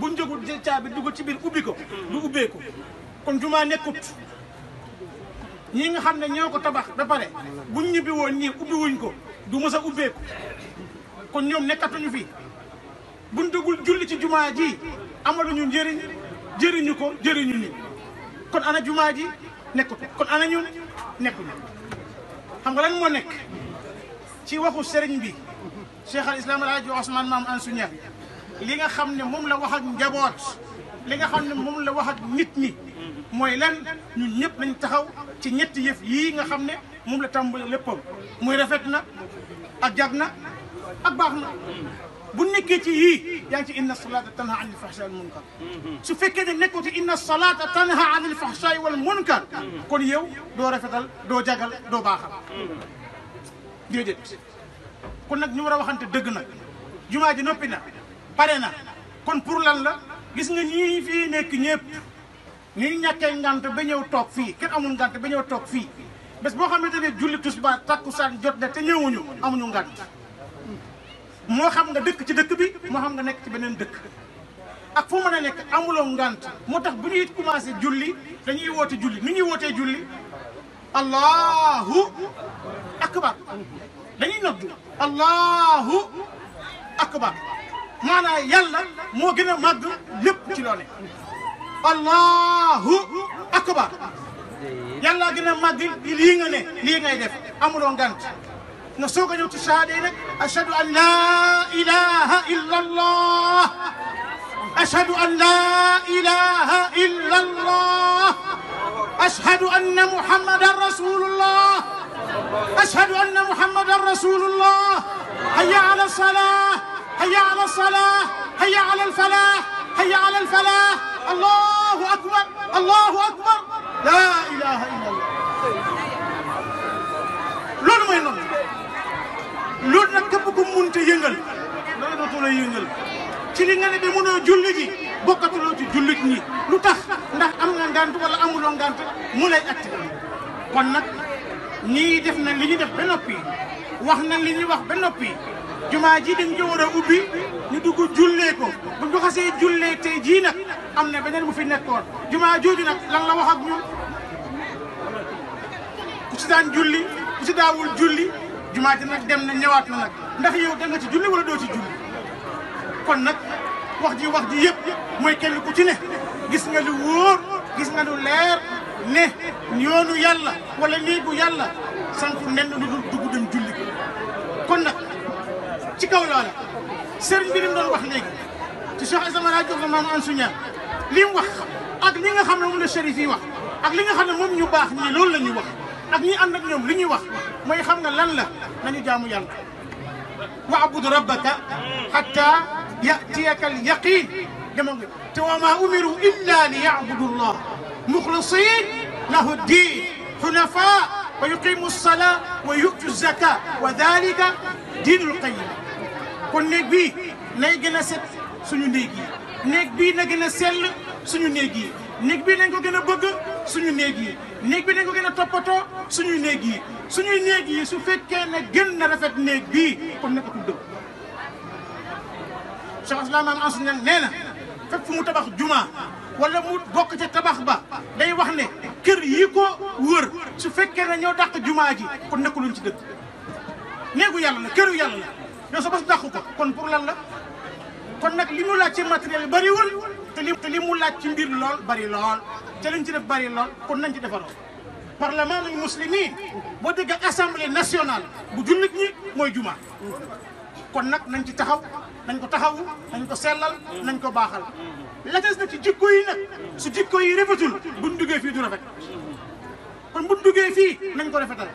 buñ jógul jël caabi dugg ci biir ubbi ko du ubbeeku kon jumaa nekkut ñi nga xam ne ñoo ko tabax ba pare buñ ñibbi woon nii ubbi wuñ ko du ma sa ubbeeku kon ñoom nekkatuñu fii buñ dugul julli ci jumaa ji amaluñu njëriñ jëriñu ko jëriñu ñu kon ana jumaa ji nekku kon ana ñun nekkuñu xam nga lan moo nekk ci waxu sëriñ bi cheikh al islam alaaji Ousmane maam Ansou Niang li nga xam ne moom la wax ak njaboot li nga xam ne moom la wax ak nit ñi mooy lan ñun ñëpp nañ taxaw ci ñetti yëf yi nga xam ne moom la tàmbale léppam mooy rafet na ak jag na ak baax na bu nekkee ci yii yaa ngi ci inna salaata tanha an ilfahsha wal munkar su fekkee ne nekkoo ci inna salaata tanha an ilfahsha wal munkar kon yow doo rafetal doo jagal doo baaxal déedéet kon nag ñu war a waxante dëgg nag jumaa ji noppi na pare na kon pour lan la gis nga ñii fii nekk ñëpp ñi ñàkkee ngant ba ñëw toog fii kenn amul ngant ba ñëw toog fii bés boo xamante ne julli tusbaar takkusaan jot na te ñëwuñu amuñu ngant moo xam nga dëkk ci dëkk bi moo xam nga nekk ci beneen dëkk ak fu mën a nekk amuloo ngant moo tax bu ñuy commencé julli dañuy woote julli ni ñuy wootee julli allahu akbar dañuy nodd allahu akbar maanaam moo gën a màgg lépp ci loole allahu akbar yàlla gën a màgg lii nga ne lii ngay def amuloo ngant نسوق نوت شهادينك أشهد أن لا إله إلا الله أشهد أن لا إله إلا الله أشهد أن محمدا رسول الله أشهد أن محمدا رسول الله هيا على الصلاة هيا على الصلاة هيا على الفلاح هيا على الفلاح الله أكبر الله أكبر لا إله إلا الله لون الله loolu nag képp ku munta yëngal loolu dootu la yëngal ci li nga ne bi mënoo julli ji bokkatuloo ci jullit ñi lu tax ndax am na ngant wala amuloo ngant mu lay atte kon nag ñii def na li ñu def ba noppi wax na li ñu wax ba noppi jumaa ji dañ ko war a ubbi ñu dugg jullee ko bu ñu xasee jullee tey ji nag am na beneen bu fi nekkoon jumaa jooju nag lan la wax ak ñun ku si daan julli ku si daawul julli jumaa ji nag dem na ñëwaat na nag ndax yow da nga ci julli wala doo ci julli kon nag wax ji wax ji yépp mooy kenn ku ci ne gis nga lu wóor gis nga lu leer ne yoonu yàlla wala nii bu yàlla sanku nen lu dul dugg dem julli ko kon nag ci kaw loola sëriñ bi ni mu doon wax léegi ci Cheikh Isamara Diop la maam Ansuña li mu wax ak li nga xam ne moom la chérif yi wax ak li nga xam ne moom ñu baax nii loolu la ñuy wax ak ñi ànd ak ñoom li ñuy wax mooy xam nga lan la nañu jaamu yàlla wa'bud rabbaka hatta ya'tiyaka al-yaqiin dama nga te wa maa umiru illa li ya'budu allah muxlisin lahu diin xunafaa wa yuqimu as-salaa wa yu'tu az-zakaa wa daalika diinul qayyim kon néeg bii nay gën a set suñu néeg yi néeg bii na gën a sell suñu néeg yi néeg bi nañ ko gën a bëgg suñu néeg yi néeg bi nañ ko gën a toppatoo suñuy néeg yi suñuy néeg yi su fekkee ne gën na rafet néeg bii kon ne ko tudd. Cheikh Islam am ansu ne nee na fekk fu mu tabax juma wala mu bokk ca tabax ba day wax ne kër yi ko wër su fekkee ne ñoo dàq juma ji kon nekkuluñ ci dëgg néegu yàlla na këru yàlla la ñoo sa bas dàq ko kon pour lan la kon nag li mu laaj ci matériel bariwul te li te li mu laaj ci mbir lool bari lool te liñ ci def bari lool kon nañ ci defaroo parlement nañ muslimin boo dégg assemblée nationale bu jullit ñi mooy juma kon nag nañ ci taxaw nañ ko taxaw nañ ko sellal nañ ko baaxal la des na ci jikko yi nag su jikko yi rafetul buñ duggee fii du rafet kon buñ duggee fii nañ ko rafetal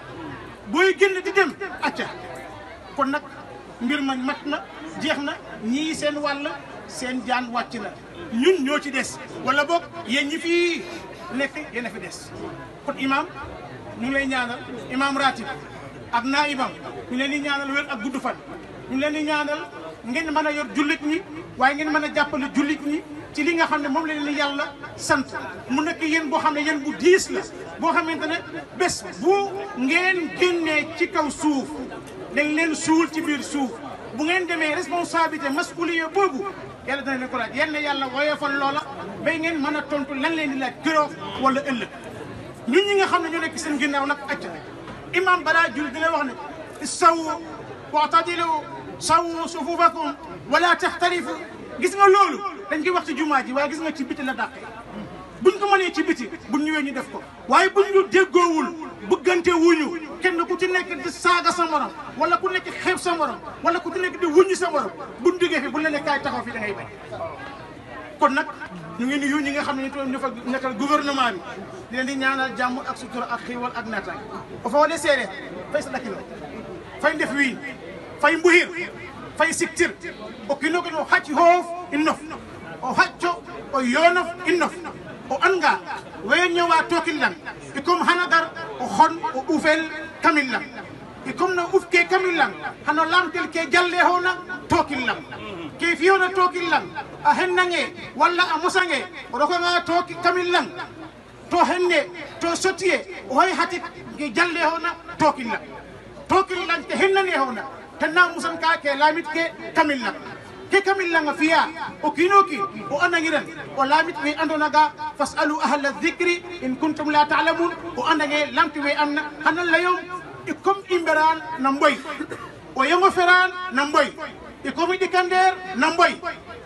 booy génn di dem acca kon nag mbir ma mat na jeex seen wàll seen jaan wàcc na ñun ñoo ci des wala boog yéen ñi fii nekk yéen a fi des kon imaam ñu ngi lay ñaanal imaam ratib ak naayibam ñu leen di ñaanal wér ak gudd fan ñu leen di ñaanal ngeen mën a yor jullit ñi waaye ngeen mën a jàppale jullit ñi ci li nga xam ne moom la leen yàlla sant mu nekk yéen boo xam ne yéen bu diis la boo xam ne bes bu ngeen génnee ci kaw suuf dañ leen suul ci biir suuf bu ngeen demee responsabilité masculien boobu yàlla dina leen ko laaj yenn yàlla woyofal loola bay ngeen mën a tontu lan leen di laaj juróom wala ëllëg ñun ñi nga xam ne ñoo nekk seen ginnaaw nag acc na imam balaa jul dina wax ne saw waxtadilu saw sufufakum wala taxtalifu gis nga loolu dañ koy wax ci jumaa ji waaye gis nga ci biti la dàqee buñ ko mënee ci biti buñ ñëwee ñu def ko waaye buñ ñu déggoowul bëggante wuñu kenn ku ci nekk di saaga sa morom wala ku nekk xeeb sa morom wala ku ci nekk di wuñu sa morom buñ duggee fi buñ la ne kaay taxaw fi da ngay bañ kon nag ñu ngi nuyu ñi nga xam ne ñu ñu fa nekkal gouvernement bi di leen di ñaanal jàmm ak sutura ak xiiwal ak naataay o fa wane seeree fay sa dakilo fay ndef wiin fay mbuhir fay siktir o kiino kiin o xac hoof i nof o xacco o yoonof i nof o anga weyoñowa tokillan e comme hanagar o hon o ufel kamillan e comme no ufke kamillan hano lamtel ke jalle howna tokillan ke fiyona tokillan a hennange walla a mosange rokoma toki kamillan to henne to sottiye hoy hati ge jalle howna tokillan tokillan te hennane howna tenna musan ka ke lamit ke kamillan ke kamillanga fiya o kinoki o andangiren o laamit we andonaga fasalu ahla dicri in kuntum la talamun o andange lamti we anna hanan layom e comme imberan na mboy o yengo feran na mboy e comme ɗikander na mboy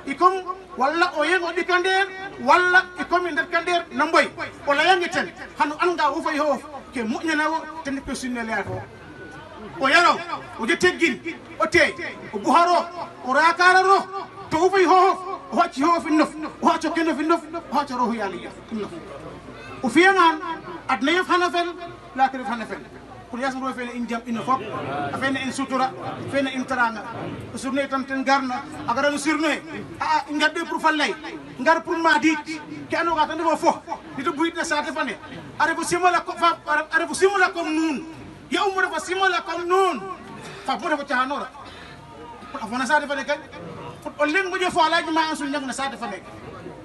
e comme walla o yengo ɗikander walla e comme nder kander na mboy o layangi ten hano anga wofay hoof ke moƴƴanawo ten pesunneleyat o o yaro o jo teggin o tey o buharo o rakararo to ufoy hohof o hacci hohofin nof o hacco kenofin nof o hacco rohoyaliya ɗum nof o fiyanan adna yof hana fel lakiref hana fel kono yasmoro fene en jaam ino fof a fene en sutora fene en taranga surne tan ten garna a garano surne aa gadde pour fallay gar pour madid ke anoga tan ndefo fof nito buyitna sate fane a refo simolako fa a refo simolako nun يوم رفا سيما لكم نون فبوده بتهانورا فانا سادة فنك فالين بجي فالاج ما انسون يغن سادة فنك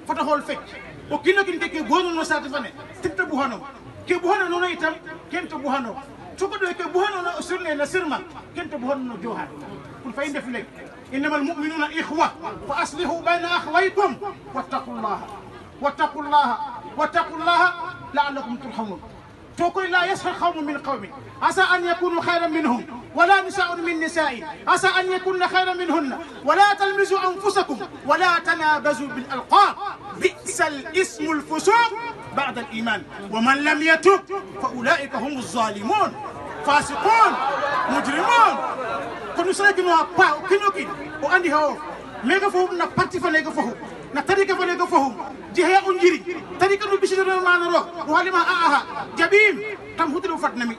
فتا هول فك وكينا كنت كي بوهنو نو سادة فنك تبت بوهنو كي بوهنو نو نيتم كنت بوهنو توكو دوه كي بوهنو نو سرنة نسرما كنت بوهنو نو جوهان قل فاين دفلك إنما المؤمنون إخوة فأصلحوا بين أخويكم واتقوا الله واتقوا الله واتقوا الله لعلكم ترحمون توكو لا يسخر قوم من قوم عسى أن يكونوا خيرا منهم ولا نساء من نسائي عسى أن يكون خيرا منهن ولا تلمزوا أنفسكم ولا تنابزوا بالألقاب بئس الاسم الفسوق بعد الإيمان ومن لم يتب فأولئك هم الظالمون فاسقون مجرمون كنو سلاك نوا با كنوكي وأني هو ميغا فهم نا بارتي فنيغا فهم نا تاريكا فنيغا فهم جهيا أنجري تاريكا نو بيشي نو مانرو وحالي ما آها جبيم تم هدرو فتنمي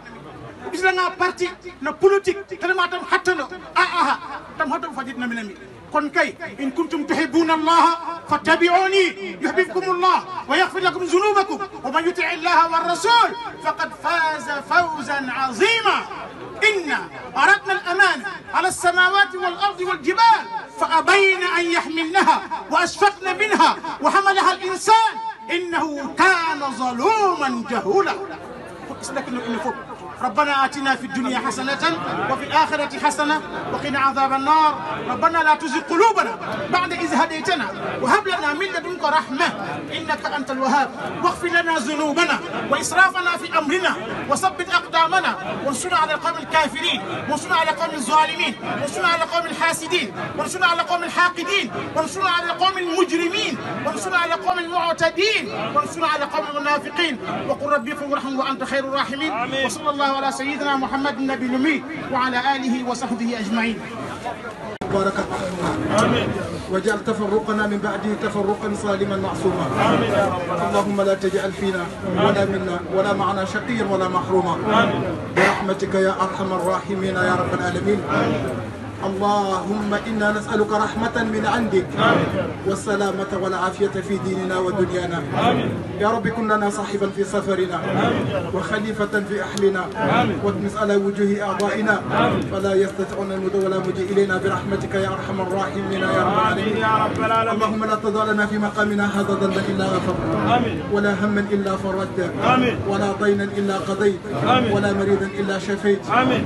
gis na nga parti le politique tellement tam hattano ah ah tam hatam fajit na minami kon kay in kuntum tuhibbuna allah fattabi'uni yuhibbukum allah wa yaghfir lakum dhunubakum wa man yuti' allah war rasul faqad faza fawzan 'azima inna aradna al amana ala as samawati wal ardi wal jibal فأبين أن يحملنها وأشفقن منها وحملها الإنسان إنه كان ظلوما جهولا فكس لك إنه فوق ربنا آتنا في الدنيا حسنة وفي الآخرة حسنة وقنا عذاب النار ربنا لا تزغ قلوبنا بعد إذ هديتنا وهب لنا من لدنك رحمة إنك أنت الوهاب واغفر لنا ذنوبنا وإسرافنا في أمرنا وثبت أقدامنا وانصرنا على القوم الكافرين وانصرنا على القوم الظالمين وانصرنا على القوم الحاسدين وانصرنا على القوم الحاقدين وانصرنا على القوم المجرمين وانصرنا على القوم المعتدين وانصرنا على القوم المنافقين وقل ربي ارحم وأنت خير الراحمين وصلى الله وعلى سيدنا محمد النبي الأمي وعلى آله وصحبه أجمعين بارك آمين واجعل تفرقنا من بعده تفرقا سالما معصوما آمين يا رب اللهم لا تجعل فينا ولا منا ولا معنا شقيا ولا محروما آمين برحمتك يا أرحم الراحمين يا رب العالمين آمين اللهم إنا نسألك رحمة من عندك والسلامة والعافية في ديننا ودنيانا يا رب كن لنا صاحبا في سفرنا وخليفة في أهلنا واتمس على وجوه أعضائنا فلا يستطيعون المدى ولا مجيء إلينا برحمتك يا أرحم الراحمين يا رب العالمين اللهم لا تضع لنا في مقامنا هذا ذنبا إلا غفرته ولا هما إلا فرجته ولا طينا إلا قضيت ولا مريضا إلا شفيت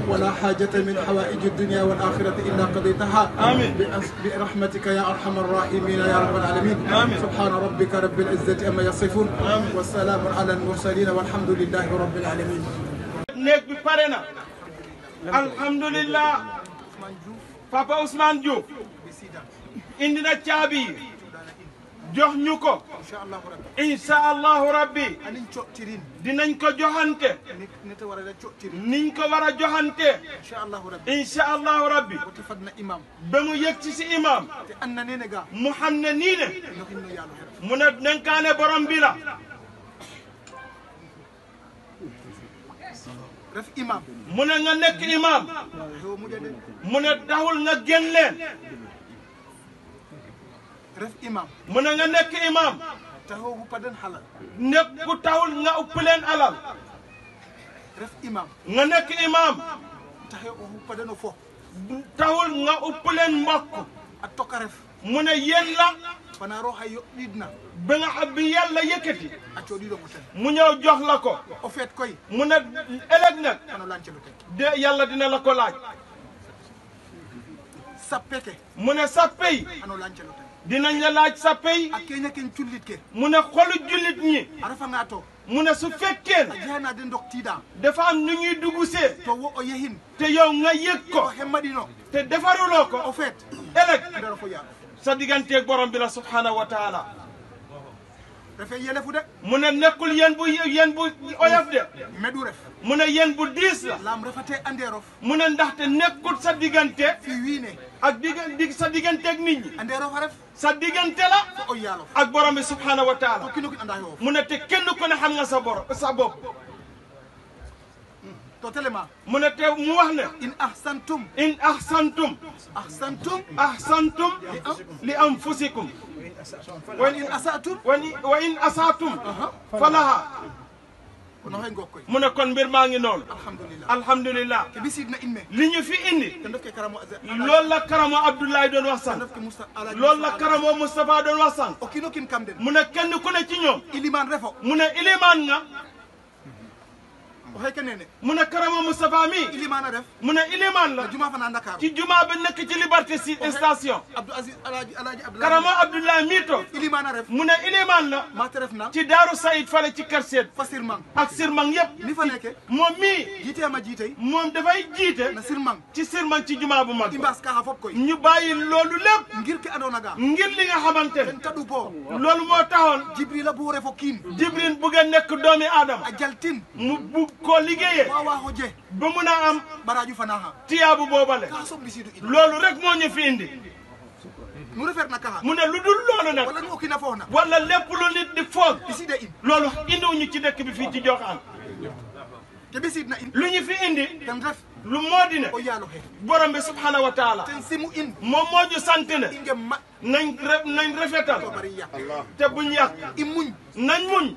ولا حاجة من حوائج الدنيا والآخرة إلا قضيتها آمين برحمتك يا أرحم الراحمين يا رب العالمين آمين سبحان ربك رب العزة أما يصفون آمين والسلام على المرسلين والحمد لله رب العالمين nekk bi pare na alhamdulillah papa Ousmane Diouf indi jox ñu ko. incha allahu allahu rabbi. anin cotirin. dinañ ko joxante. nite war a cotirin. niñ ko war a joxante. incha allahu rabbi. incha allahu rabbi. o mu yëg ci si imam. te an ne gaa. mu ne nii ne. borom bi mu ne nga nekk imam. mu ne daxul nga génn ref imam mën ne nga nekk imam taxaw bu paden halal nekk bu tawul nga uppuleen alal ref imam nga nekk imam taxaw o huppadeno fof tawul nga uppuleen mbokk a tokka ref mu ne yéen la banaro hay yoɓɗiɗna ba nga xam bi yàlla yëkkati a cooɗiɗo ko ten mu ñëw jox la ko o feet koy mu ne ëllëg nag kono lancelo ten de yàlla dina la ko laaj sappeke mu ne sappe yi ano lancelo dinañ la laaj sa pay ak keña ken jullit ke mu ne xolu jullit ñi a refanga to mu ne su fekkeen a jehanade ndok tiiɗa dafa am nu ñuy dugusee to wo o yehin te yow nga yëg ko o hemmaɗino te defaruloo o feet ëllëg sa digganteeg borom bi la subhanahu dafay yelefu de mu ne nekkul yéen bu yéen bu oyof de medu ref mu ne yéen bu diis la laam refatee andeerof mu ne ndaxte nekkul sa diggante fii wii ne ak diggan dig sa digganteeg nit ñi andeerof a ref sa diggante la ak borom bi subhaanahu wa taala mu ne te kenn ku ne xam nga sa borom sa bopp to telema mu ne mu wax ne in ahsantum in ahsantum ahsantum ahsantum li anfusikum wa in asatum wa in asatum falaha kono hay mu ne kon mbir maa ngi noonu alhamdulillah alhamdulillah ke bisidna inme li ñu fi indi loolu la karamo abdoulaye doon wax sànq loolu la karamo moustapha doon wax sànq o kino kin kam den mu ne kenn ku ne ci ñoom iliman refo mu ne iliman nga o hay kenene mu ne Karama Moustapha mi ilimaan a def mu ne ilimaan la juma fana Dakar ci juma bi nekk ci liberté si station Abdou Aziz Alaaji Alaaji Abdoulaye Karama Abdoulaye mii to ilimaan a def mu ne ilimaan la maa te ref na ci Daaru Sayid fale ci kër Seet fa Sirmang ak Sirmang yëpp ni fa nekke moom mii jiitee ma jiitey moom dafay jiite na Sirmang ci Sirmang ci jumaa bu mag imbaas kaxa fop koy ñu bàyyi loolu lépp ngir ki andoona ga ngir li nga xamante ne tadu boo loolu moo taxoon Jibril a buure fo kiin Jibril bugg a nekk doomi aadama a jaltin mu bug koo liggéeyee ba mun a am tiyaabu boobale loolu rek mu ñu fi indi mu ne lu dul loolu nag wala lépp lu nit di foog loolu indiwuñu ci dëkk bi fii ci Joxaan lu ñu fi indi lu moo di ne borom bi subhanahu wa taala moom moo ju sant ne nañ nañ rafetal te buñ yàq nañ muñ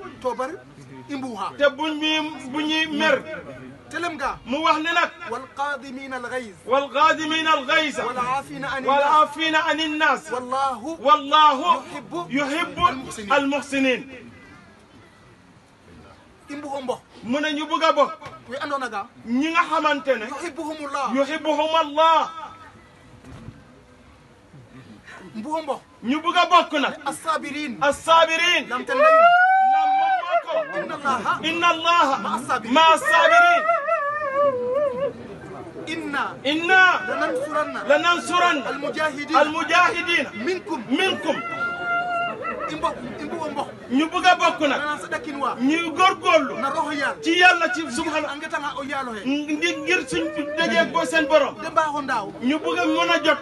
imbuha te buñ bi bu ñuy al تلم قا مو وحننك والقادمين الغيظ والقادمين الغيظ والعافين عن والعافين عن الناس والله والله يحب يحب المحسنين, المحسنين. imbuhum bo mu ne ñu bëgg bokk wi andoona ga ñi nga xamante yuhibbuhumullah yuhibbuhumullah mbuhum bo ñu bëgg bokk nag as-sabirin as-sabirin lam tan إن الله مع الصابرين إنا إنا لننصرن لننصرن المجاهدين المجاهدين منكم منكم ñu bëgg a bokk nag ñu góorgóorlu ci yàlla ci subhana ngi ngir suñ dajee ko seen borom ñu bëgg a mën a jot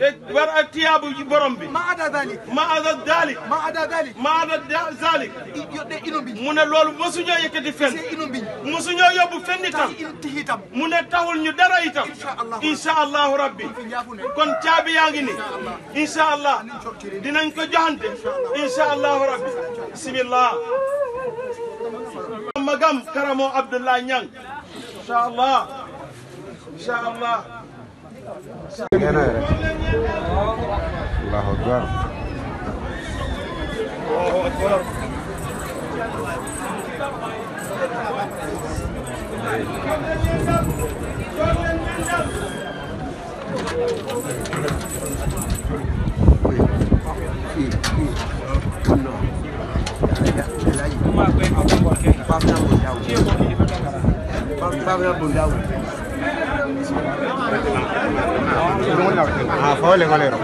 eh, war a tiyaabu ci borom bi ma ada dalik ma ada dalik mu ne loolu mosuñoo yëkkati fenn mosuñoo yóbbu fenn itam mu ne taxul ñu dara itam incha allahu rabbi kon caabi yaa ngi ni incha allah dinañ ko joxante ان شاء الله ربي بسم الله مقام كرمو عبد الله نيان ان شاء الله ان شاء الله الله اكبر الله اكبر Thank you. Ah, fue el golero.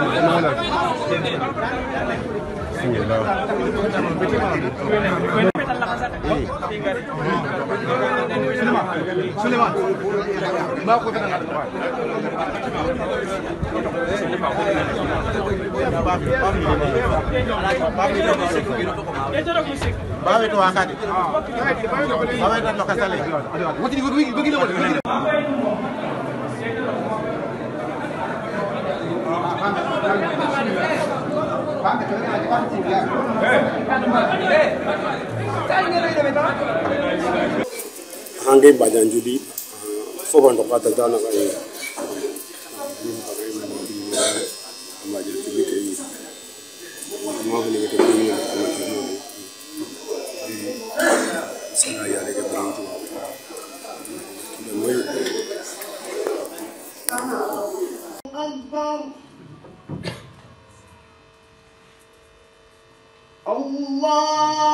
Bawa itu angkat. Bawa itu angkat sekali. Mungkin begini, begini. Banyak. hange bajanjudi fofanto ka tatanaka ye amajatigite yi mafunegete kuya amajatinoni sana yaleke brantu kidamoy Akbar Allah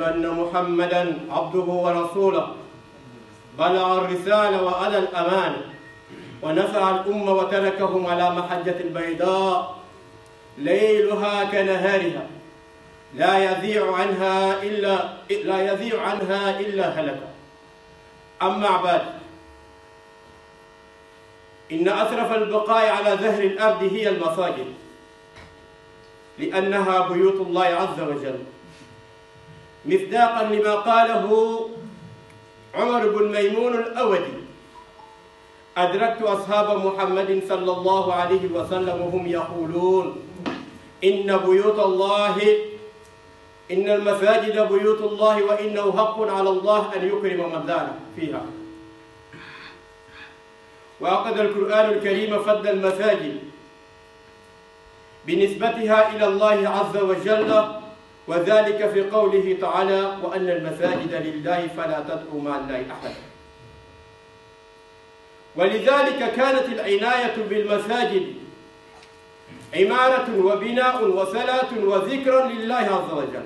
وأشهد أن محمدا عبده ورسوله بلغ الرسالة وأدى الأمانة ونفع الأمة وتركهم على محجة البيضاء ليلها كنهارها لا يذيع عنها إلا لا يذيع عنها إلا هلكة أما عباد إن أسرف البقاء على زهر الأرض هي المساجد لأنها بيوت الله عز وجل مصداقا لما قاله عمر بن ميمون الأودي أدركت أصحاب محمد صلى الله عليه وسلم وهم يقولون إن بيوت الله إن المساجد بيوت الله وإنه حق على الله أن يكرم من ذلك فيها وأخذ القرآن الكريم فضل المساجد بنسبتها إلى الله عز وجل وذلك في قوله تعالى وأن المساجد لله فلا تدعو مع الله أحدا ولذلك كانت العناية بالمساجد عمارة وبناء وصلاة وذكرا لله عز وجل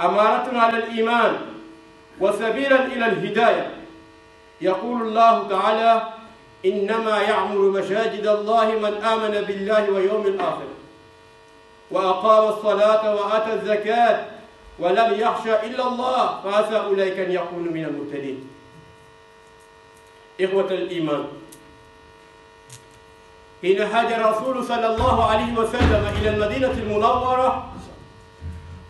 أمارة على الإيمان وسبيلا إلى الهداية يقول الله تعالى إنما يعمر مساجد الله من آمن بالله ويوم الآخر وأقام الصلاة وآتى الزكاة ولم يخشى إلا الله فعسى أولئك أن يكونوا من المهتدين. إخوة الإيمان حين هاجر الرسول صلى الله عليه وسلم إلى المدينة المنورة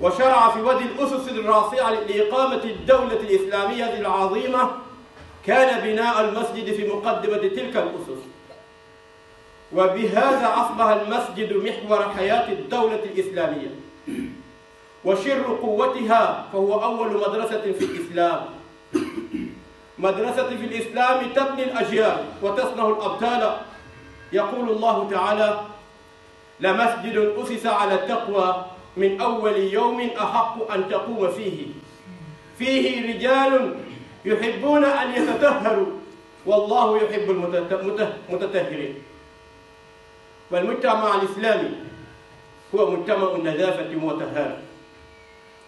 وشرع في وادي الأسس الراسعة لإقامة الدولة الإسلامية العظيمة كان بناء المسجد في مقدمة تلك الأسس وبهذا أصبح المسجد محور حياة الدولة الإسلامية وشر قوتها فهو أول مدرسة في الإسلام مدرسة في الإسلام تبني الأجيال وتصنع الأبطال يقول الله تعالى لمسجد أسس على التقوى من أول يوم أحق أن تقوم فيه فيه رجال يحبون أن يتطهروا والله يحب المتطهرين فالمجتمع الإسلامي هو مجتمع النظافة والطهارة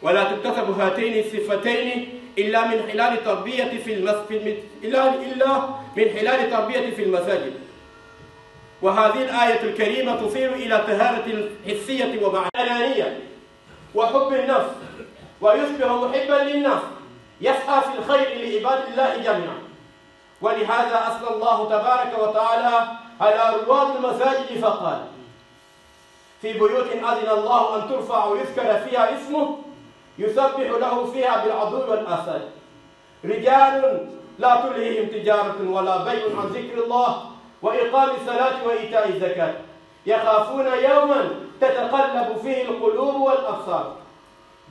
ولا تكتسب هاتين الصفتين إلا من خلال تربية في المسجد إلا إلا من خلال تربية في المساجد وهذه الآية الكريمة تصير إلى طهارة حسية ومعنوية وحب النفس ويصبح محبا للنفس يسعى في الخير لعباد الله جميعا ولهذا أسأل الله تبارك وتعالى على رواد المساجد فقال في بيوت أذن الله أن ترفع ويذكر فيها اسمه يسبح له فيها بالعدو والأسد رجال لا تلهيهم تجارة ولا بيع عن ذكر الله وإقام الصلاة وإيتاء الزكاة يخافون يوما تتقلب فيه القلوب والأبصار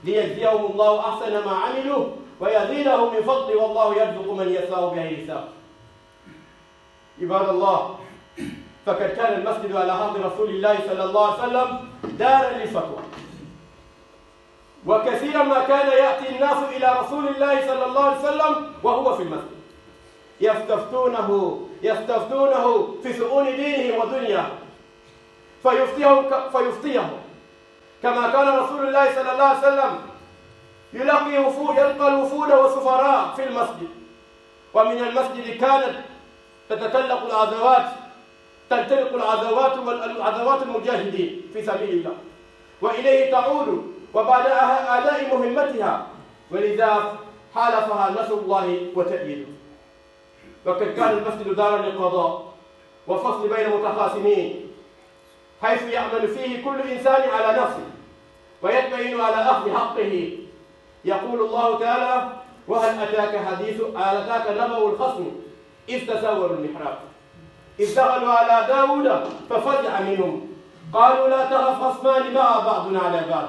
ليجزيهم الله أحسن ما عملوا ويزيدهم من فضله والله يرزق من يشاء بغير حساب عباد الله فقد كان المسجد على عهد رسول الله صلى الله عليه وسلم دارا للفتوى وكثيرا ما كان يأتي الناس إلى رسول الله صلى الله عليه وسلم وهو في المسجد يستفتونه يستفتونه في شؤون دينه ودنيا فيفتيهم فيفتيهم كما كان رسول الله صلى الله عليه وسلم يلقي وفود يلقى الوفود والسفراء في المسجد ومن المسجد كانت تتكلق العذوات تنطلق العذوات والعداوات المجاهدين في سبيل الله وإليه تعود وبعد أداء مهمتها ولذا حالفها نصر الله وتأييده وقد كان المسجد دارا للقضاء وفصل بين متخاصمين حيث يعمل فيه كل إنسان على نفسه ويتبين على أخذ حقه يقول الله تعالى وهل أتاك حديث أتاك نبأ الخصم إذ تساوروا المحراب إذ دخلوا على داود ففزع منهم قالوا لا تخف خصمان مع بعضنا على بعض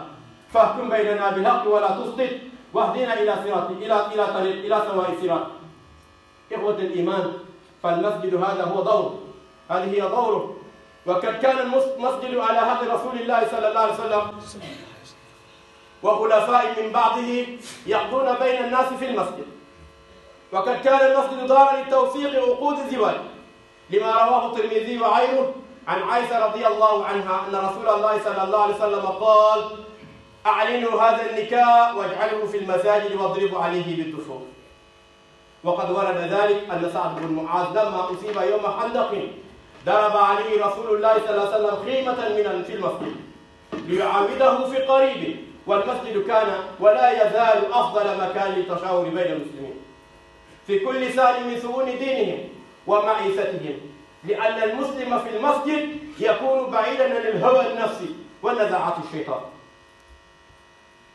فاحكم بيننا بالحق ولا تسقط واهدنا إلى صراط إلى إلى طريق إلى سواء صراط إخوة الإيمان فالمسجد هذا هو دور هذه هي دوره وقد كان المسجد على عهد رسول الله صلى الله عليه وسلم وخلفاء من بعده يقضون بين الناس في المسجد وقد كان المسجد دارا للتوثيق عقود الزواج لما رواه الترمذي وغيره عن عائشة رضي الله عنها أن رسول الله صلى الله عليه وسلم قال أعلنوا هذا النكاح واجعلوه في المساجد واضربوا عليه بالدفوف وقد ورد ذلك أن سعد بن معاذ لما أصيب يوم حندق ضرب عليه رسول الله صلى الله عليه وسلم خيمة من في المسجد ليعاوده في قريبه والمسجد كان ولا يزال أفضل مكان للتشاور بين المسلمين في كل سال من سنون دينهم ومعيشتهم لأن المسلم في المسجد يكون بعيدا عن الهوى النفسي ونزعات الشيطان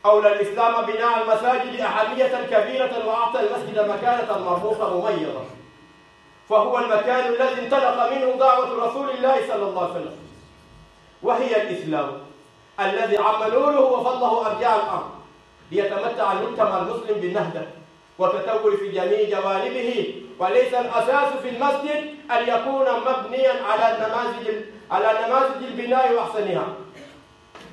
أولى الإسلام بناء المساجد أهمية كبيرة وأعطى المسجد مكانة مرموقة مميزة فهو المكان الذي انطلق منه دعوة رسول الله صلى الله عليه وسلم وهي الإسلام الذي عم نوره وفضله أرجاء الأرض ليتمتع المجتمع المسلم بالنهدة وتتوّل في جميع جوانبه وليس الأساس في المسجد أن يكون مبنيا على نماذج على نماذج البناء وأحسنها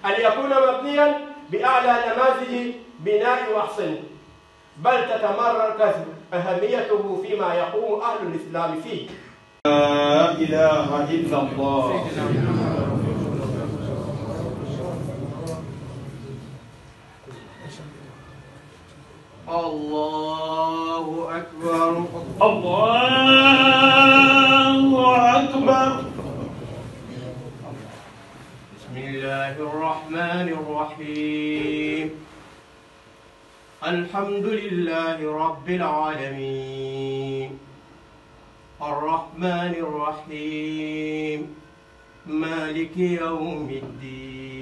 أن يكون مبنيا بأعلى نماذج بناء وأحسن بل تتمركز أهميته فيما يقوم أهل الإسلام فيه لا إله إلا الله الله أكبر الله أكبر بسم الله الرحمن الرحيم الحمد لله رب العالمين الرحمن الرحيم مالك يوم الدين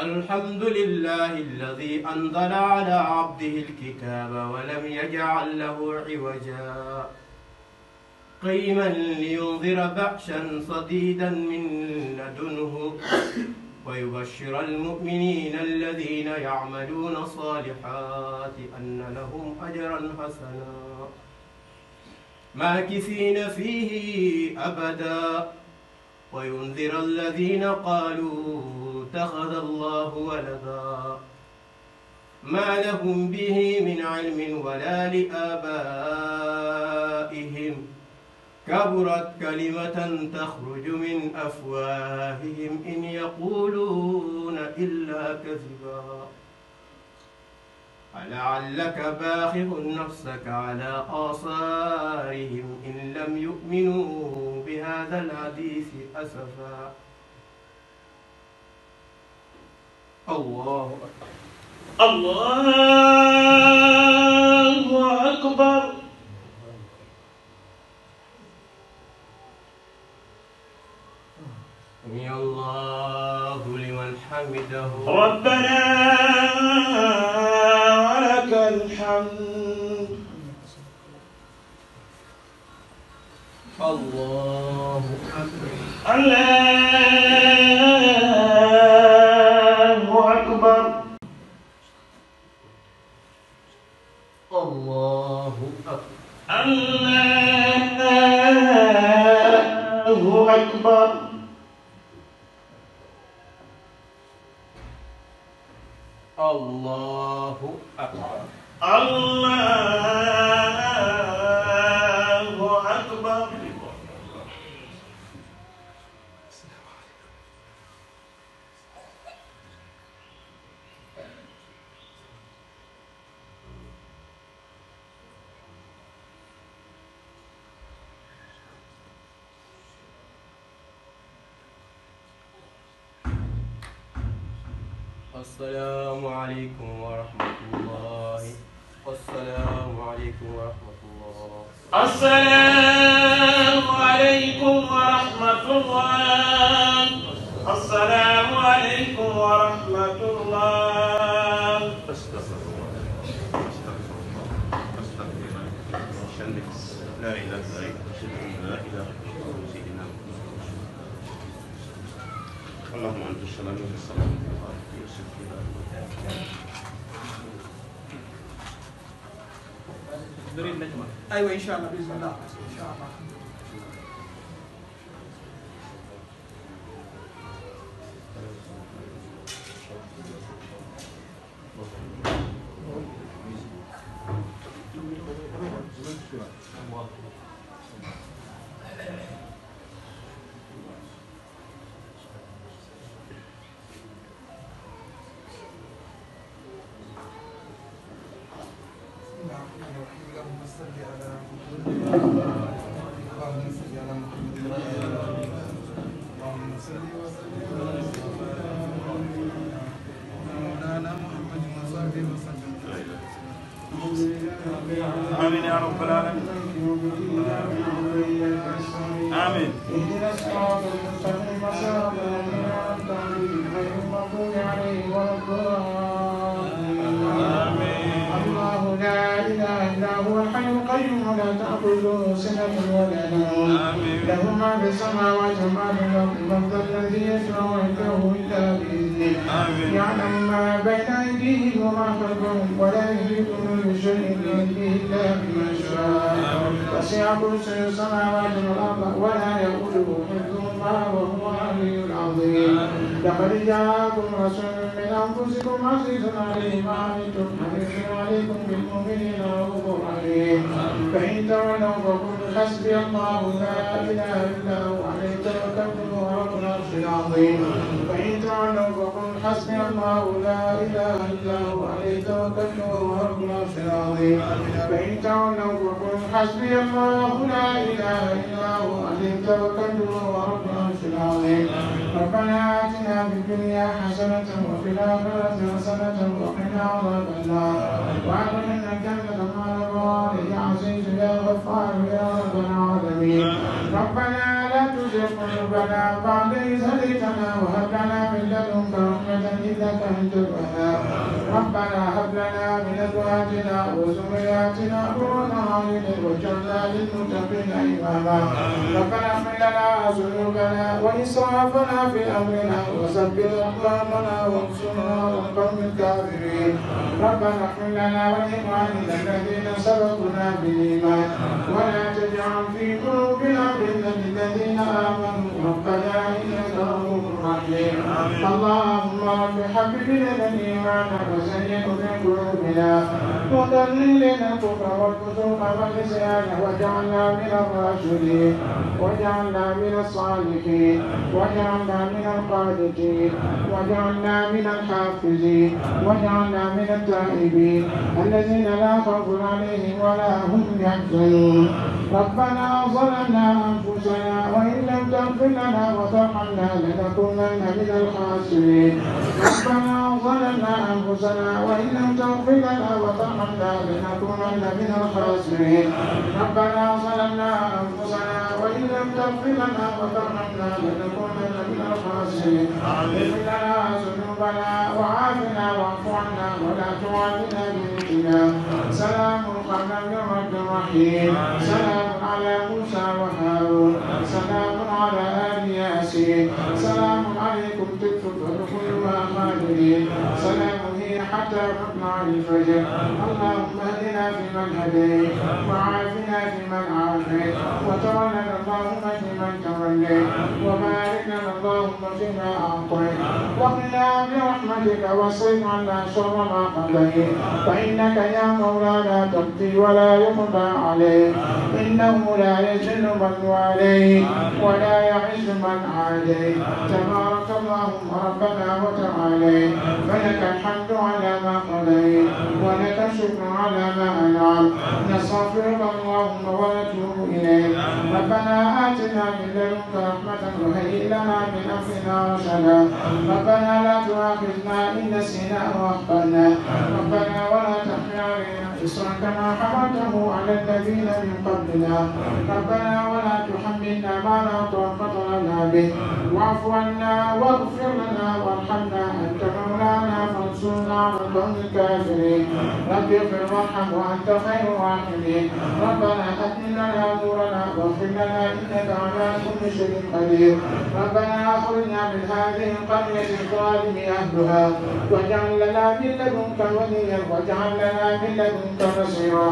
الحمد لله الذي أنزل على عبده الكتاب ولم يجعل له عوجا قيما لينذر بأسا صديدا من لدنه ويبشر المؤمنين الذين يعملون الصالحات أن لهم أجرا حسنا ماكثين فيه أبدا وينذر الذين قالوا اتخذ الله ولدا ما لهم به من علم ولا لآبائهم كبرت كلمة تخرج من أفواههم إن يقولون إلا كذبا ألعلك باخع نفسك على آثارهم إن لم يؤمنوا بهذا الحديث أسفا الله أكبر الله أكبر سمي الله لمن حمده ربنا ولك الحمد الله أكبر الله السلام عليكم ورحمة الله السلام عليكم ورحمة الله السلام عليكم ورحمة الله السلام عليكم ورحمة الله أستغفر الله أستغفر الله أستغفر الله لا إله إلا أنت لا إله إلا الله أنت اللهم أنت السلام والسلام ايوه ان شاء الله باذن الله ان شاء الله ربنا اغفر لنا ذنوبنا وإسرافنا في أمرنا وثبت أقدامنا وانصرنا على القوم الكافرين ربنا اغفر لنا ولإخواننا الذين سبقونا بالإيمان ولا تجعل في قلوبنا غلا للذين آمنوا ربنا إنك رؤوف رحيم اللهم رب حببنا الإيمان وزينه من قلوبنا وضلل الكفر والفسوق والعصيان واجعلنا من الراشدين واجعلنا من الصالحين واجعلنا من القانتين واجعلنا من الحافظين واجعلنا من التائبين الذين لا خوف عليهم ولا هم يحزنون ربنا ظلمنا انفسنا وان لم تغفر لنا وترحمنا لنكونن من الخاسرين ربنا ظلمنا انفسنا وان لم تغفر لنا وترحمنا وارحمنا لنكونن من الخاسرين ربنا ظلمنا انفسنا وان لم تغفر لنا وترحمنا لنكونن من الخاسرين اغفر لنا ذنوبنا وعافنا واعف عنا ولا تعافنا بمثلنا سلام قولا من رب سلام على موسى وهارون سلام على ال ياسين سلام عليكم تكفر فادخلوها خالدين سلام حتى مطلع الفجر اللهم اهدنا فيمن هديت وعافنا فيمن عافيت وتولنا اللهم فيمن توليت وبارك لنا اللهم فيما اعطيت وقنا برحمتك واصرف عنا شر ما قضيت فانك يا مولانا تقضي ولا يقضى عليك انه لا يجن من واليك ولا يعز من عاديت تبارك اللهم ربنا وتعاليت فلك الحمد على ما قضيت ولك الشكر على ما أنعمت نستغفرك اللهم ونتوب إليك ربنا آتنا من لدنك رحمة وهيئ لنا من أمرنا رشدا ربنا لا تؤاخذنا إن نسينا أو أخطأنا ربنا ولا تحمل علينا تسرا كما حملته على الذين من قبلنا ربنا ولا تحملنا ما لا طاقة لنا به واعف عنا واغفر لنا وارحمنا أنت مولانا فانصرنا على كل الكافرين رب اغفر وارحم وانت خير الراحمين ربنا اتم لنا واغفر لنا انك على كل شيء قدير ربنا اخرجنا من هذه القريه الظالم اهلها واجعل لنا من لدنك وليا واجعل لنا من لدنك نصيرا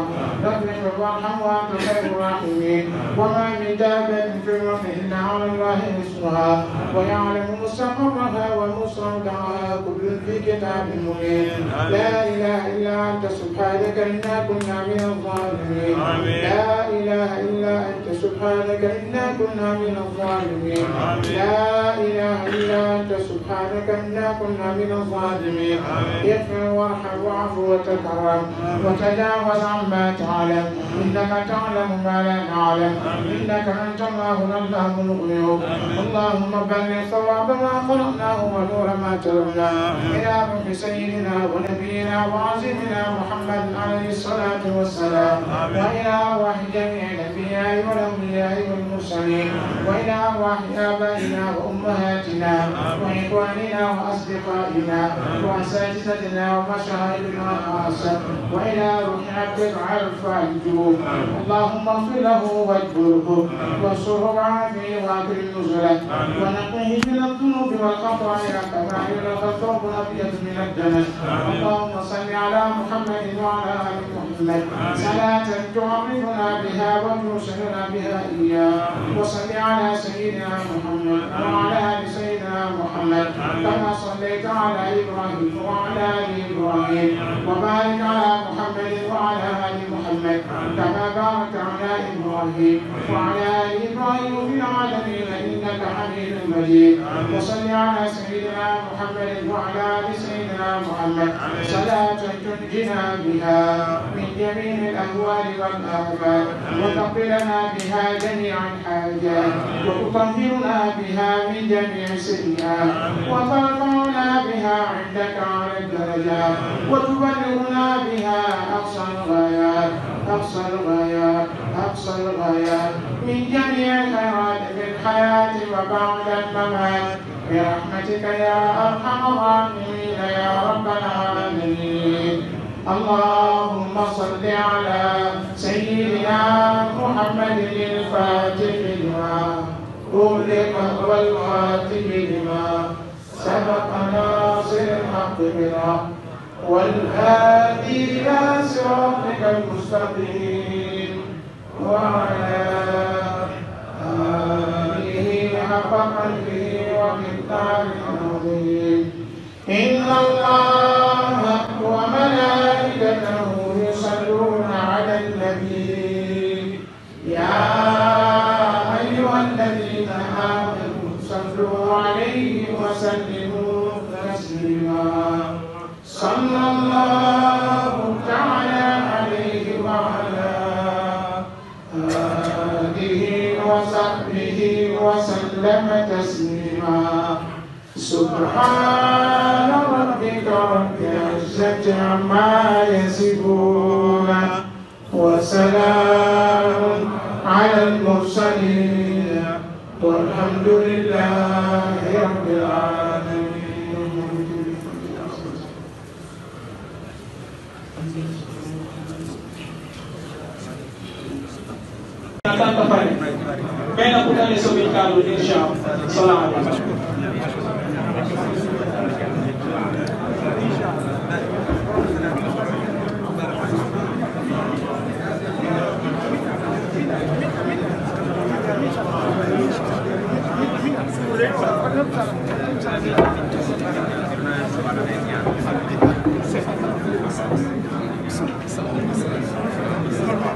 رب اغفر وارحم وانت خير الراحمين وما من دابه في الارض الا على الله رزقها ويعلم مستقرها ومستودعها كل في كتاب مبين لا إله إلا أنت سبحانك إنا كنا من الظالمين لا إله إلا أنت سبحانك إنا كنا من الظالمين لا إله إلا أنت سبحانك إنا كنا من الظالمين اغفر وارحم وعفو وتكرم وتجاوز عما تعلم إنك تعلم ما لا نعلم إنك أنت الله الله الغيوب اللهم بلغ صواب ما خلقناه ونور ما تركنا إلى روح سيدنا ونبينا وعزيزنا محمد عليه الصلاة والسلام وإلى وحي جميع الأنبياء والأولياء والمرسلين وإلى وحي آبائنا وأمهاتنا وإخواننا وأصدقائنا وأساتذتنا ومشاهدنا وأصدقائنا وإلى روح عبدك العرف الجوب اللهم اغفر له واجبره وانصره وعافه وأكرم نزله ونقيه من الذنوب والخطايا كما يلقى الثوب الأبيض من الدنس اللهم صل على محمد وعلى ال محمد صلاة تعرفنا بها وترسلنا بها إياه وصل على سيدنا محمد وعلى آل سيدنا محمد كما صليت على إبراهيم وعلى آل إبراهيم وبارك على محمد وعلى آل محمد كما باركت على إبراهيم وعلى آل إبراهيم في العالمين إنك حميد مجيد وصل على سيدنا محمد وعلى آل سيدنا محمد صلاة تنجينا بها من جميع الأهوال والأهوال وتقبلنا بها جميع الحاجات وتطهرنا بها من جميع السيئات وترفعنا بها عندك على الدرجات وتبلغنا بها أقصى الغايات أقصى الغايات أقصى الغايات من جميع الخيرات في الحياة وبعد الممات برحمتك يا أرحم الراحمين يا رب العالمين اللهم صل على سيدنا محمد الفاتح لما أغلق والخاتم لما سبق ناصر الحق بالحق والهادي إلى صراطك المستقيم وعلى آله حق قدره ومقداره العظيم إن الله وملائكته وسلم تسليما سبحان ربك رب العزة عما يصفون وسلام على المرسلين والحمد لله رب العالمين Thank you. por Venga a ponerse ubicado, inshallah. Salam Thank you.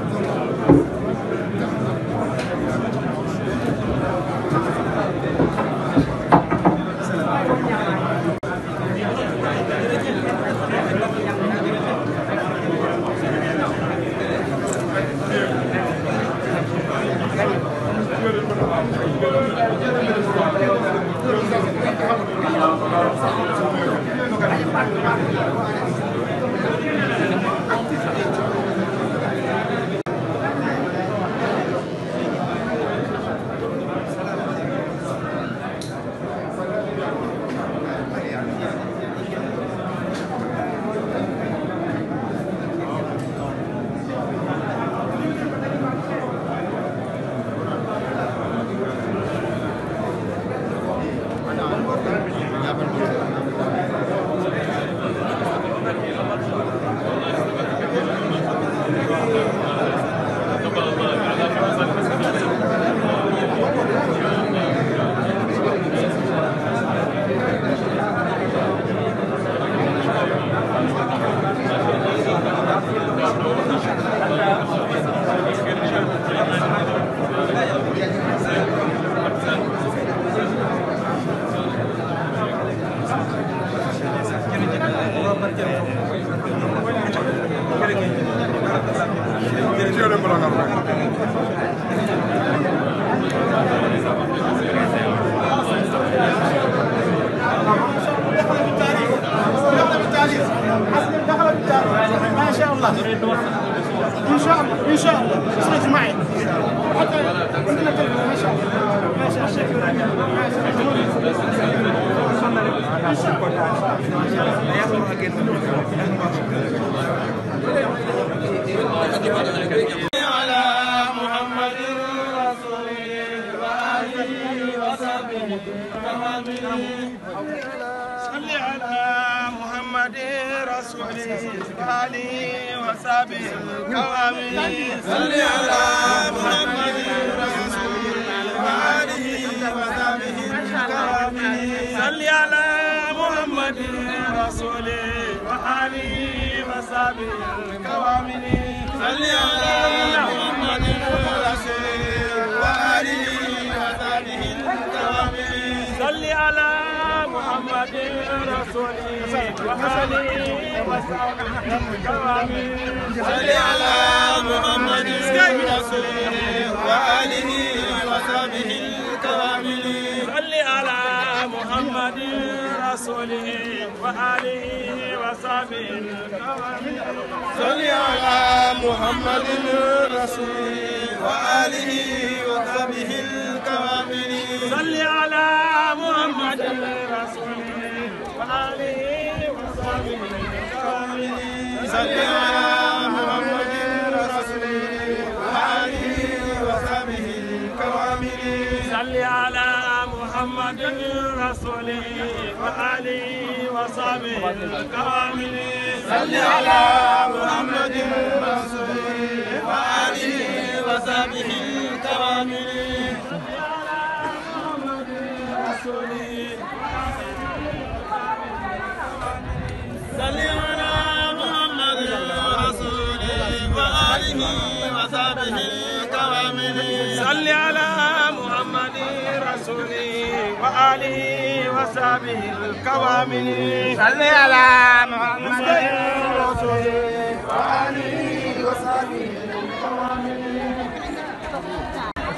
صل على محمد رسول الله وصحبه كوامل صل على محمد رسول علي وصحبه كوامل على محمد رسول وعلي وصحبه كوامل صل على محمد على محمد رسولي وآله وسلم على محمد رسولي وآله وصحبه الكاملين صلي على محمد رسوله وآله وصحبه الكاملين على محمد وآله وصحبه الكوامل صل على محمد رسول وآله وصحبه الكوامل صل على محمد رسول وعلى وصحبه الكوامل صل على محمد رسول وآله وصحبه الكوامل صل على محمد رسول وآله وصحبه الكوامل رسولي صلي على محمد رسول وآله وصحبه كوامله صلي على محمد رسولي وآله وصحبه الكوامل صلي على محمد رسولي وآله وصحبه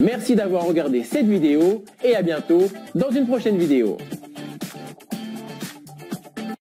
Merci d'avoir regardé cette vidéo et à bientôt dans une prochaine vidéo.